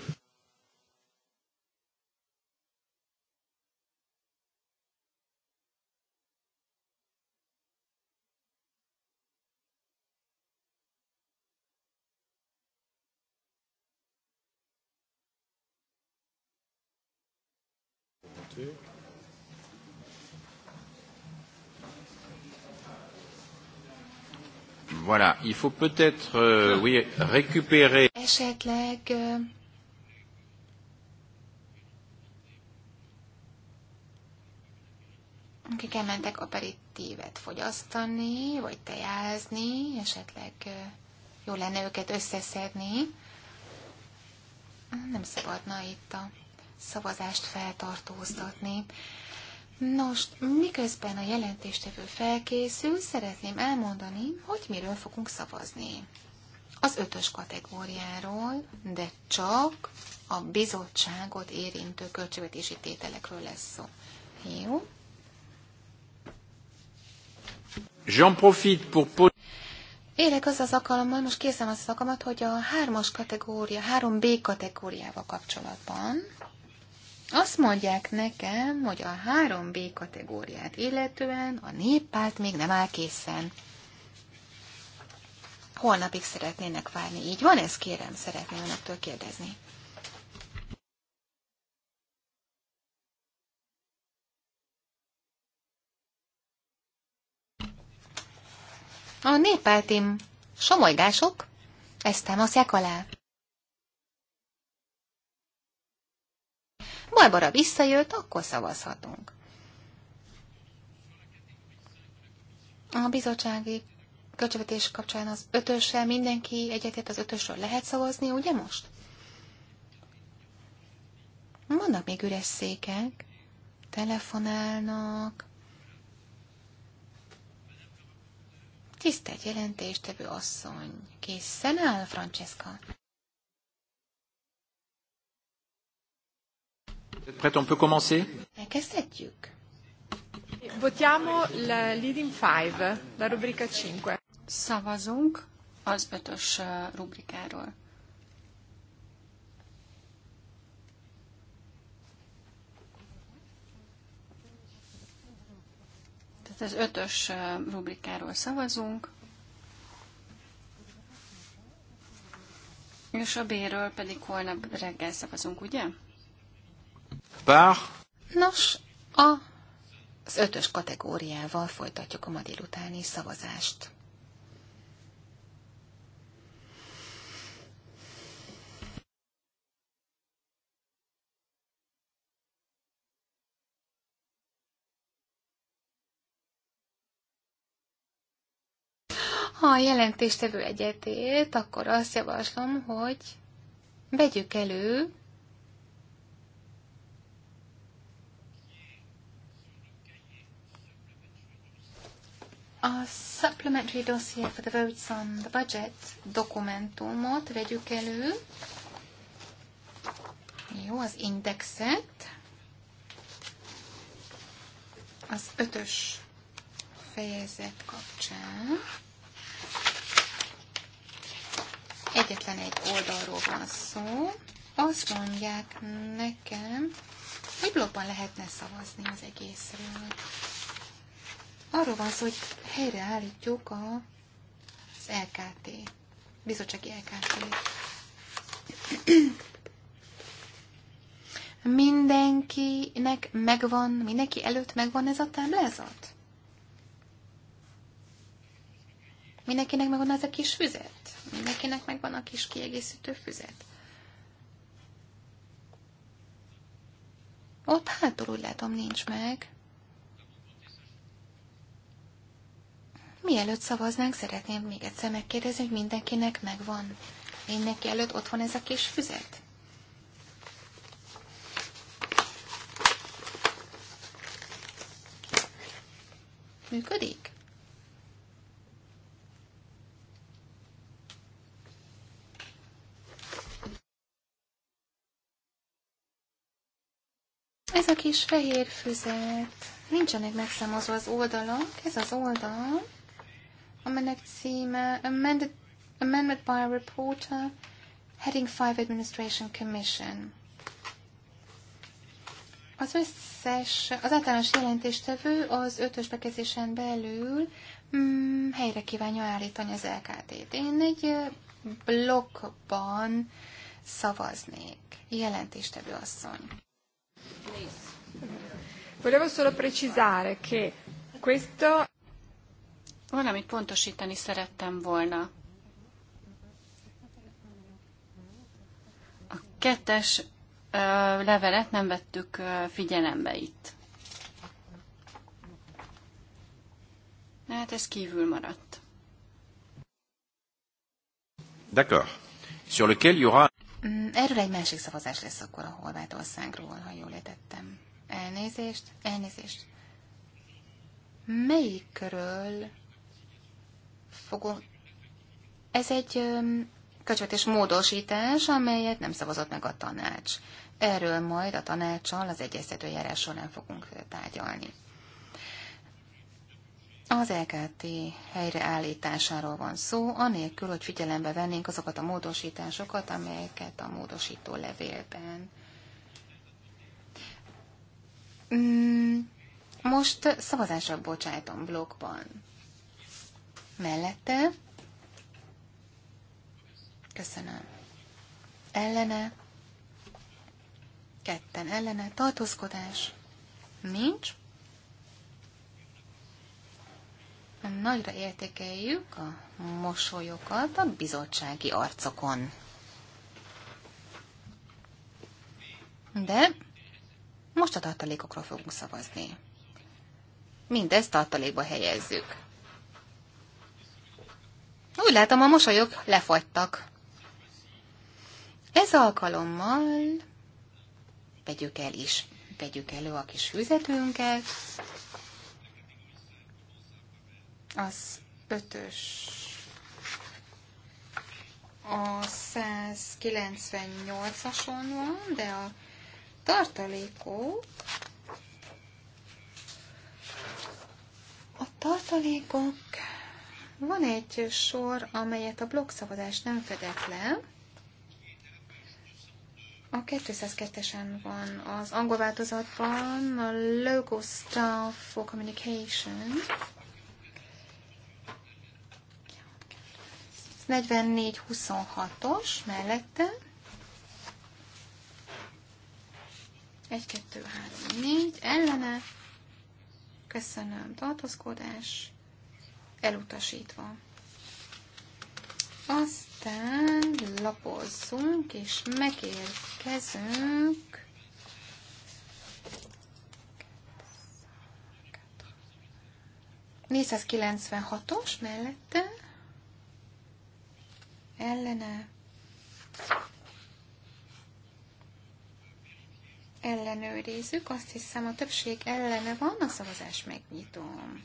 Thank you. Voilà, il faut peut-être, euh, oui, récupérer. Esetleg akik elmentek aperitívet fogyasztani, vagy tejázni, esetleg jó lenne őket összeszedni. Nem szabadna itt a szavazást feltartóztatni. Nos, miközben a jelentéstevő felkészül, szeretném elmondani, hogy miről fogunk szavazni. Az ötös kategóriáról, de csak a bizottságot érintő költségvetési tételekről lesz szó. Jó? J'en profite pour... Élek az az alkalommal, most készem az alkalmat, hogy a hármas kategória, három b kategóriával kapcsolatban azt mondják nekem, hogy a 3B kategóriát illetően a néppárt még nem áll készen. Holnapig szeretnének várni. Így van ez, kérem, szeretném önöktől kérdezni. A néppártim somolygások ezt támaszják alá. Barbara visszajött, akkor szavazhatunk. A bizottsági költségvetés kapcsán az ötössel mindenki egyetért az ötösről lehet szavazni, ugye most? Vannak még üres székek, telefonálnak. Tisztelt jelentéstevő asszony, készen áll, Francesca? Prêt, on peut commencer? Elkezdhetjük. Votiamo la leading five, la rubrica 5. Szavazunk az ötös rubrikáról. Tehát az ötös rubrikáról szavazunk. És a B-ről pedig holnap reggel szavazunk, ugye? Bár. Nos, a, az ötös kategóriával folytatjuk a ma délutáni szavazást. Ha a jelentéstevő egyetért, akkor azt javaslom, hogy vegyük elő A supplementary dossier for the votes on the budget dokumentumot vegyük elő. Jó, az indexet. Az ötös fejezet kapcsán. Egyetlen egy oldalról van szó. Azt mondják nekem, hogy blogban lehetne szavazni az egészről. Arról van szó, hogy helyreállítjuk a, az LKT, bizottsági LKT. Mindenkinek megvan, mindenki előtt megvan ez a táblázat? Mindenkinek megvan az a kis füzet? Mindenkinek megvan a kis kiegészítő füzet? Ott hátul úgy látom nincs meg. Mielőtt szavaznánk, szeretném még egyszer megkérdezni, hogy mindenkinek megvan. Mindenki előtt ott van ez a kis füzet? Működik? Ez a kis fehér füzet. Nincsenek megszámozva az oldalak. Ez az oldal amelynek címe uh, Amended, Amendment by a Reporter, Heading 5 Administration Commission. Az összes, az általános jelentéstevő az ötös bekezdésen belül mm, helyre kívánja állítani az LKT-t. Én egy blokkban szavaznék. Jelentéstevő asszony. Volevo solo precisare che questo Valamit pontosítani szerettem volna. A kettes levelet nem vettük figyelembe itt. Hát ez kívül maradt. D'accord. Sur lequel y aura... Mm, erről egy másik szavazás lesz akkor a Horvátországról, ha jól értettem. Elnézést, elnézést. Melyikről Fogom. Ez egy költségvetés módosítás, amelyet nem szavazott meg a tanács. Erről majd a tanácssal az egyeztető járás során fogunk tárgyalni. Az LKT helyreállításáról van szó, anélkül, hogy figyelembe vennénk azokat a módosításokat, amelyeket a módosító levélben. Mm, most szavazásra bocsájtom blogban mellette, köszönöm, ellene, ketten ellene, tartózkodás, nincs. Nagyra értékeljük a mosolyokat a bizottsági arcokon. De most a tartalékokról fogunk szavazni. Mindezt tartalékba helyezzük. Úgy látom, a mosolyok lefagytak. Ez alkalommal vegyük el is, vegyük elő a kis füzetünket. Az ötös a 198-ason van, de a tartalékok a tartalékok van egy sor, amelyet a blokkszavazás nem fedett le. A 202-esen van az angol változatban a Logo Staff for Communication. 44-26-os mellette. 1, 2, 3, 4, ellene. Köszönöm, tartózkodás elutasítva. Aztán lapozzunk, és megérkezünk 96 os mellette, ellene, ellenőrizzük, azt hiszem a többség ellene van, a szavazás megnyitom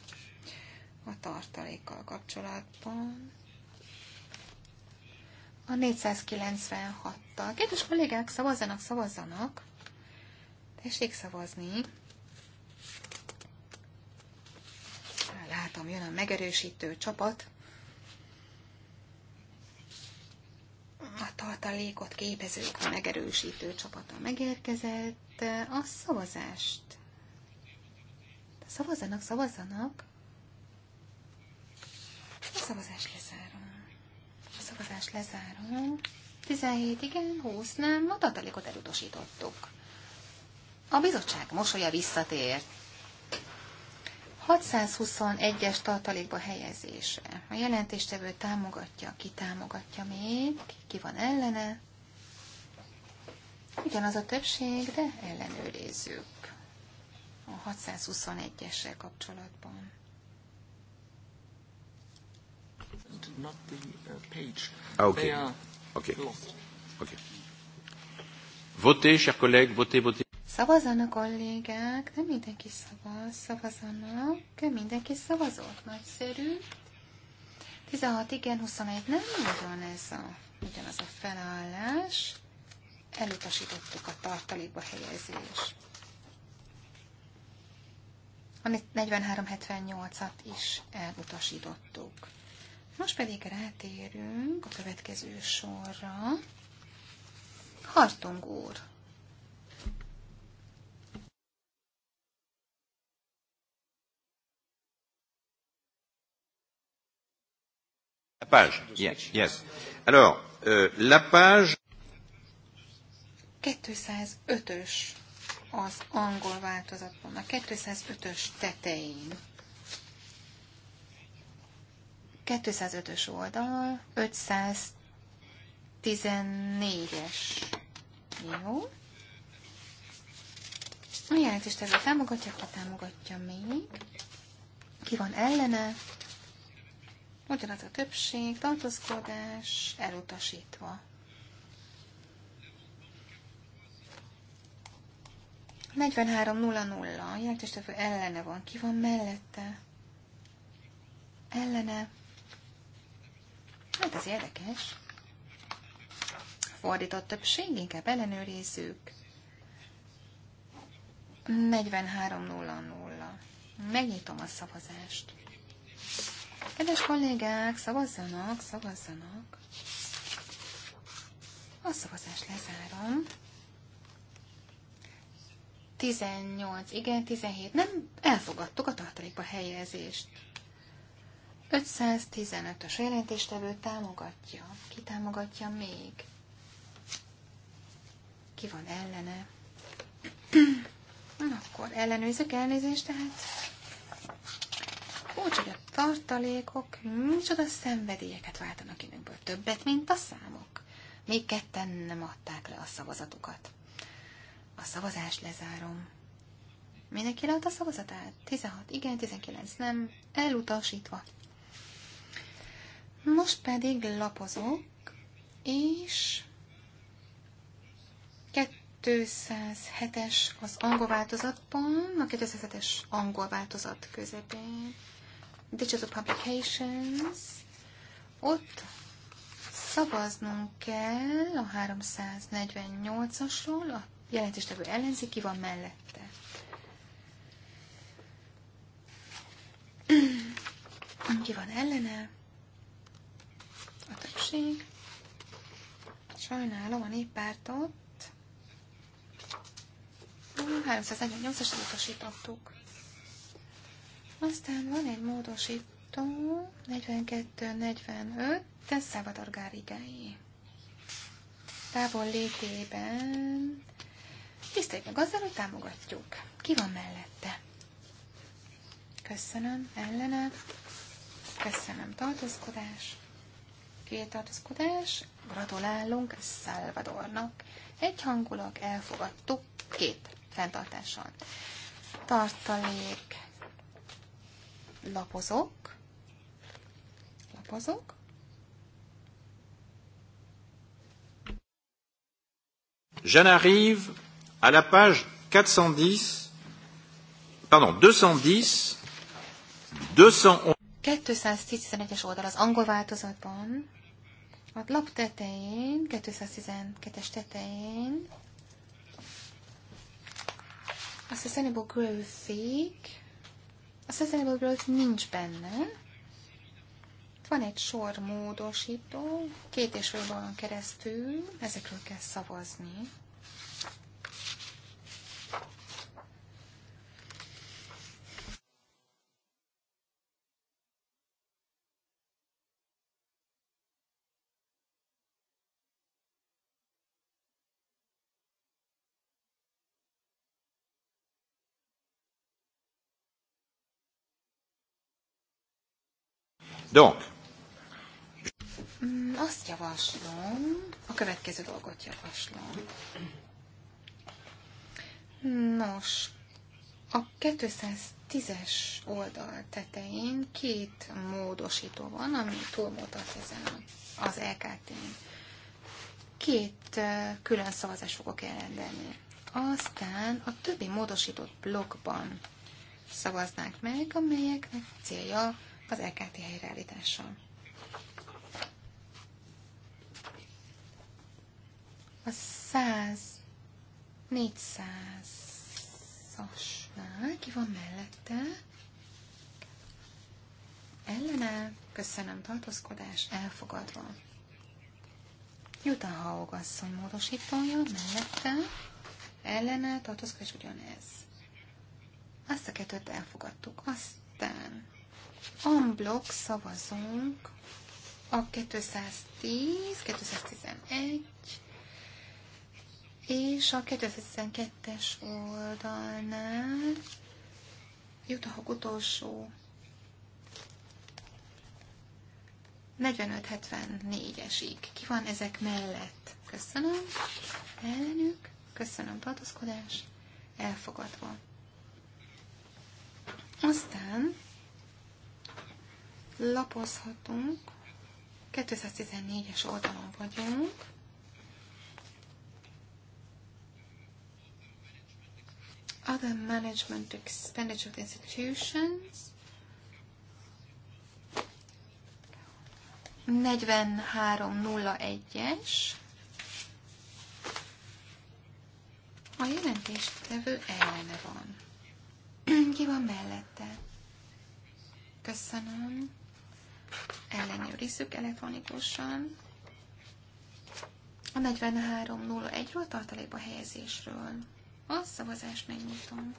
a tartalékkal kapcsolatban. A 496-tal. Kedves kollégák, szavazzanak, szavazzanak. Tessék szavazni. Látom, jön a megerősítő csapat. A tartalékot képezők, a megerősítő csapata megérkezett. A szavazást. Szavazzanak, szavazzanak. A szavazás lezárom. A szavazás lezárom. 17 igen, 20 nem, a tartalékot elutasítottuk. A bizottság mosolya visszatér. 621-es tartalékba helyezése. A jelentéstevő támogatja, ki támogatja még, ki van ellene. Ugyanaz a többség, de ellenőrizzük a 621-essel kapcsolatban. not the uh, page. Ah, okay. They are okay. lost. Okay. Votez, chers collègues, votez, votez. Szavazzanak, kollégák, nem mindenki szavaz, szavazzanak, mindenki szavazott, nagyszerű. 16 igen, 21 nem, nagyon ez a, ugyanaz a felállás. Elutasítottuk a tartalékba helyezés. A 4378-at is elutasítottuk. Most pedig rátérünk a következő sorra. Hartung úr. La page. Yes. yes. Alors, euh, la page. 205-ös az angol változatban, a 205-ös tetején. 205-ös oldal, 514-es. Jó. A ezzel támogatja, ha támogatja még. Ki van ellene? Ugyanaz a többség, tartózkodás, elutasítva. Negyvenhárom nulla A jelentéstevő ellene van. Ki van mellette? Ellene. Hát ez érdekes. Fordított többség, inkább ellenőrizzük. 43.00. Megnyitom a szavazást. Kedves kollégák, szavazzanak, szavazzanak. A szavazást lezárom. 18, igen, 17. Nem elfogadtuk a tartalékba helyezést. 515-ös jelentéstevő támogatja. Ki támogatja még? Ki van ellene? Na, akkor ellenőrzök elnézést, tehát úgy, hogy a tartalékok micsoda szenvedélyeket váltanak ki Többet, mint a számok. Még ketten nem adták le a szavazatukat. A szavazást lezárom. Mindenki leadta a szavazatát? 16 igen, 19 nem. Elutasítva. Most pedig lapozok, és 207-es az angol változatban, a 207-es angol változat közepén, Digital Publications, ott szavaznunk kell a 348-asról, a jelentéstevő ellenzi, ki van mellette. Ki van ellene? kiesik. Sajnálom a néppártot. 348-as utasítottuk. Aztán van egy módosító, 42-45, de Szabador Gárigáé. Távol létében tiszteljük meg azzal, hogy támogatjuk. Ki van mellette? Köszönöm, ellene. Köszönöm, tartózkodás tartózkodás. Gratulálunk Egy hangulag elfogadtuk két fenntartással. Tartalék lapozok. Lapozok. J'en arrive à la page 410, pardon, 210, 211. 211-es oldal az angol változatban a lap tetején, 212-es tetején, a Sustainable growth a Sustainable Growth nincs benne, van egy sor módosító, két és fél keresztül, ezekről kell szavazni. Donc. Mm, azt javaslom, a következő dolgot javaslom. Nos, a 210-es oldal tetején két módosító van, ami túlmutat ezen az LKT-n. Két külön szavazást fogok elrendelni. Aztán a többi módosított blokkban szavaznánk meg, amelyeknek célja az LKT helyreállítással. A 100, 400-asnál ki van mellette? Ellene, köszönöm, tartózkodás, elfogadva. Jután a módosítója, mellette, ellene, tartózkodás ugyanez. Azt a kettőt elfogadtuk. Aztán Amblok szavazunk a 210, 211 és a 212-es oldalnál jut a utolsó 45-74-esig. Ki van ezek mellett? Köszönöm. Elnök, Köszönöm tartózkodás. Elfogadva. Aztán lapozhatunk. 214-es oldalon vagyunk. Other Management Expenditure of Institutions. 4301-es. A jelentéstevő ellene van. *clears throat* Ki van mellette? Köszönöm ellenőrizzük elektronikusan. A 43.01-ről tartalékba helyezésről. A szavazást megnyitom.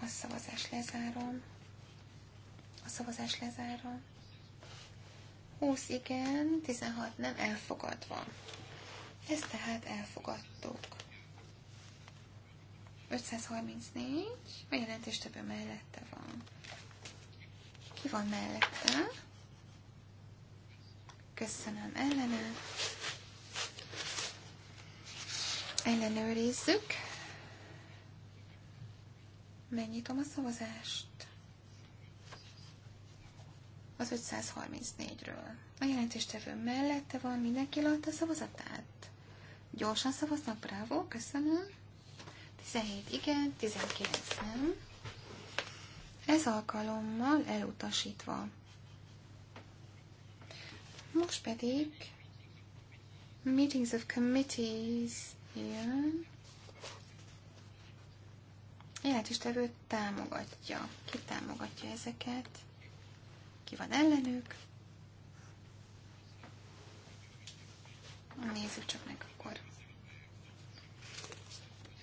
A szavazást lezárom. A szavazást lezárom. 20 igen, 16 nem elfogadva. Ezt tehát elfogadtuk. 534, a jelentés többi mellette van. Ki van mellette? Köszönöm ellene. Ellenőrizzük. Megnyitom a szavazást. Az 534-ről. A jelentéstevő mellette van, mindenki látta a szavazatát. Gyorsan szavaznak, bravo, köszönöm. 17 igen, 19 nem. Ez alkalommal elutasítva. Most pedig Meetings of Committees jön. Jelentéstevő támogatja. Ki támogatja ezeket? Ki van ellenük? Nézzük csak meg akkor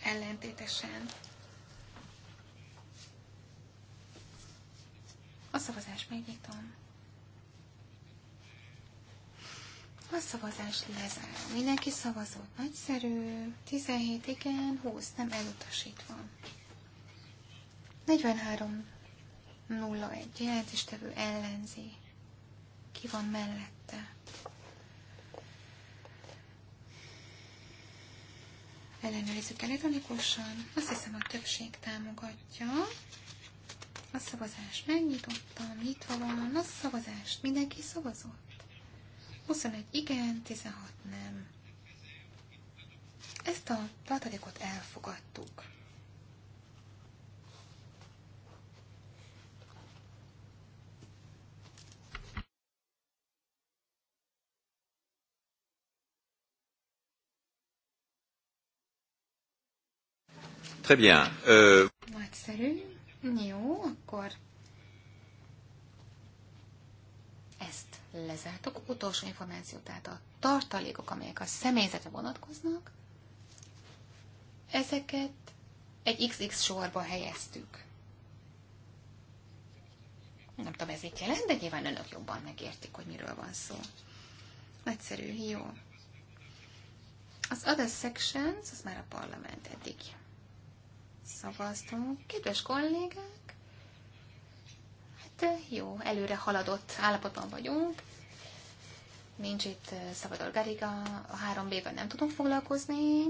ellentétesen A szavazás megnyitom. A szavazás lezár. Mindenki szavazott. Nagyszerű. 17 igen, 20 nem elutasítva. 43 01 jelentéstevő ellenzi. Ki van mellette? Ellenőrizzük elektronikusan. Azt hiszem a többség támogatja. A szavazás megnyitottam, nyitva van, a szavazást mindenki szavazott. 21 igen, 16 nem. Ezt a tartalékot elfogadtuk. Très bien. Euh... Nagyszerű. Jó, akkor ezt lezártuk. Utolsó információ, tehát a tartalékok, amelyek a személyzetre vonatkoznak, ezeket egy XX sorba helyeztük. Nem tudom, ez mit jelent, de nyilván önök jobban megértik, hogy miről van szó. Nagyszerű, jó. Az other sections, az már a parlament eddig Szavaztunk. Kedves kollégák, hát eh, jó, előre haladott állapotban vagyunk. Nincs itt eh, Szabador Gariga, a 3B-ben nem tudunk foglalkozni.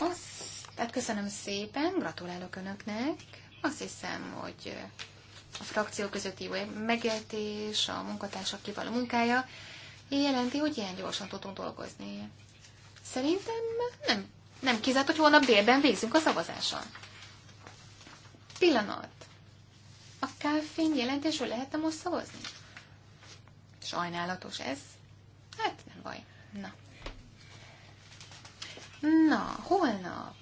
Azt, tehát köszönöm szépen, gratulálok Önöknek. Azt hiszem, hogy eh, a frakció közötti megértés, a munkatársak kiváló munkája jelenti, hogy ilyen gyorsan tudunk dolgozni. Szerintem nem nem kizárt, hogy holnap délben végzünk a szavazáson. Pillanat. A kávfény jelentésről lehetne most szavazni? Sajnálatos ez. Hát nem baj. Na. Na, holnap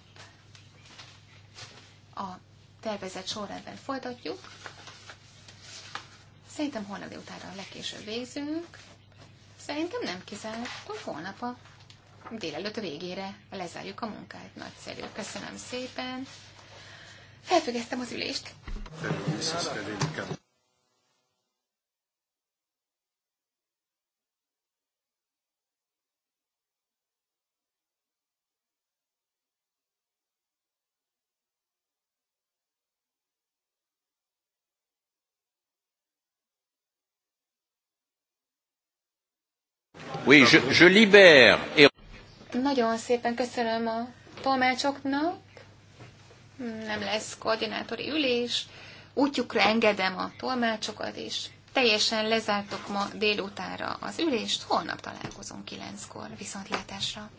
a tervezett sorrendben folytatjuk. Szerintem holnap a legkésőbb végzünk. Szerintem nem kizárt, hogy holnap a délelőtt végére lezárjuk a munkát. Nagyszerű. Köszönöm szépen. Felfüggesztem az ülést. Oui, je, je libère. Et... Nagyon szépen köszönöm a tolmácsoknak. Nem lesz koordinátori ülés. Útjukra engedem a tolmácsokat, és teljesen lezártok ma délutára az ülést. Holnap találkozunk kilenckor. Viszontlátásra!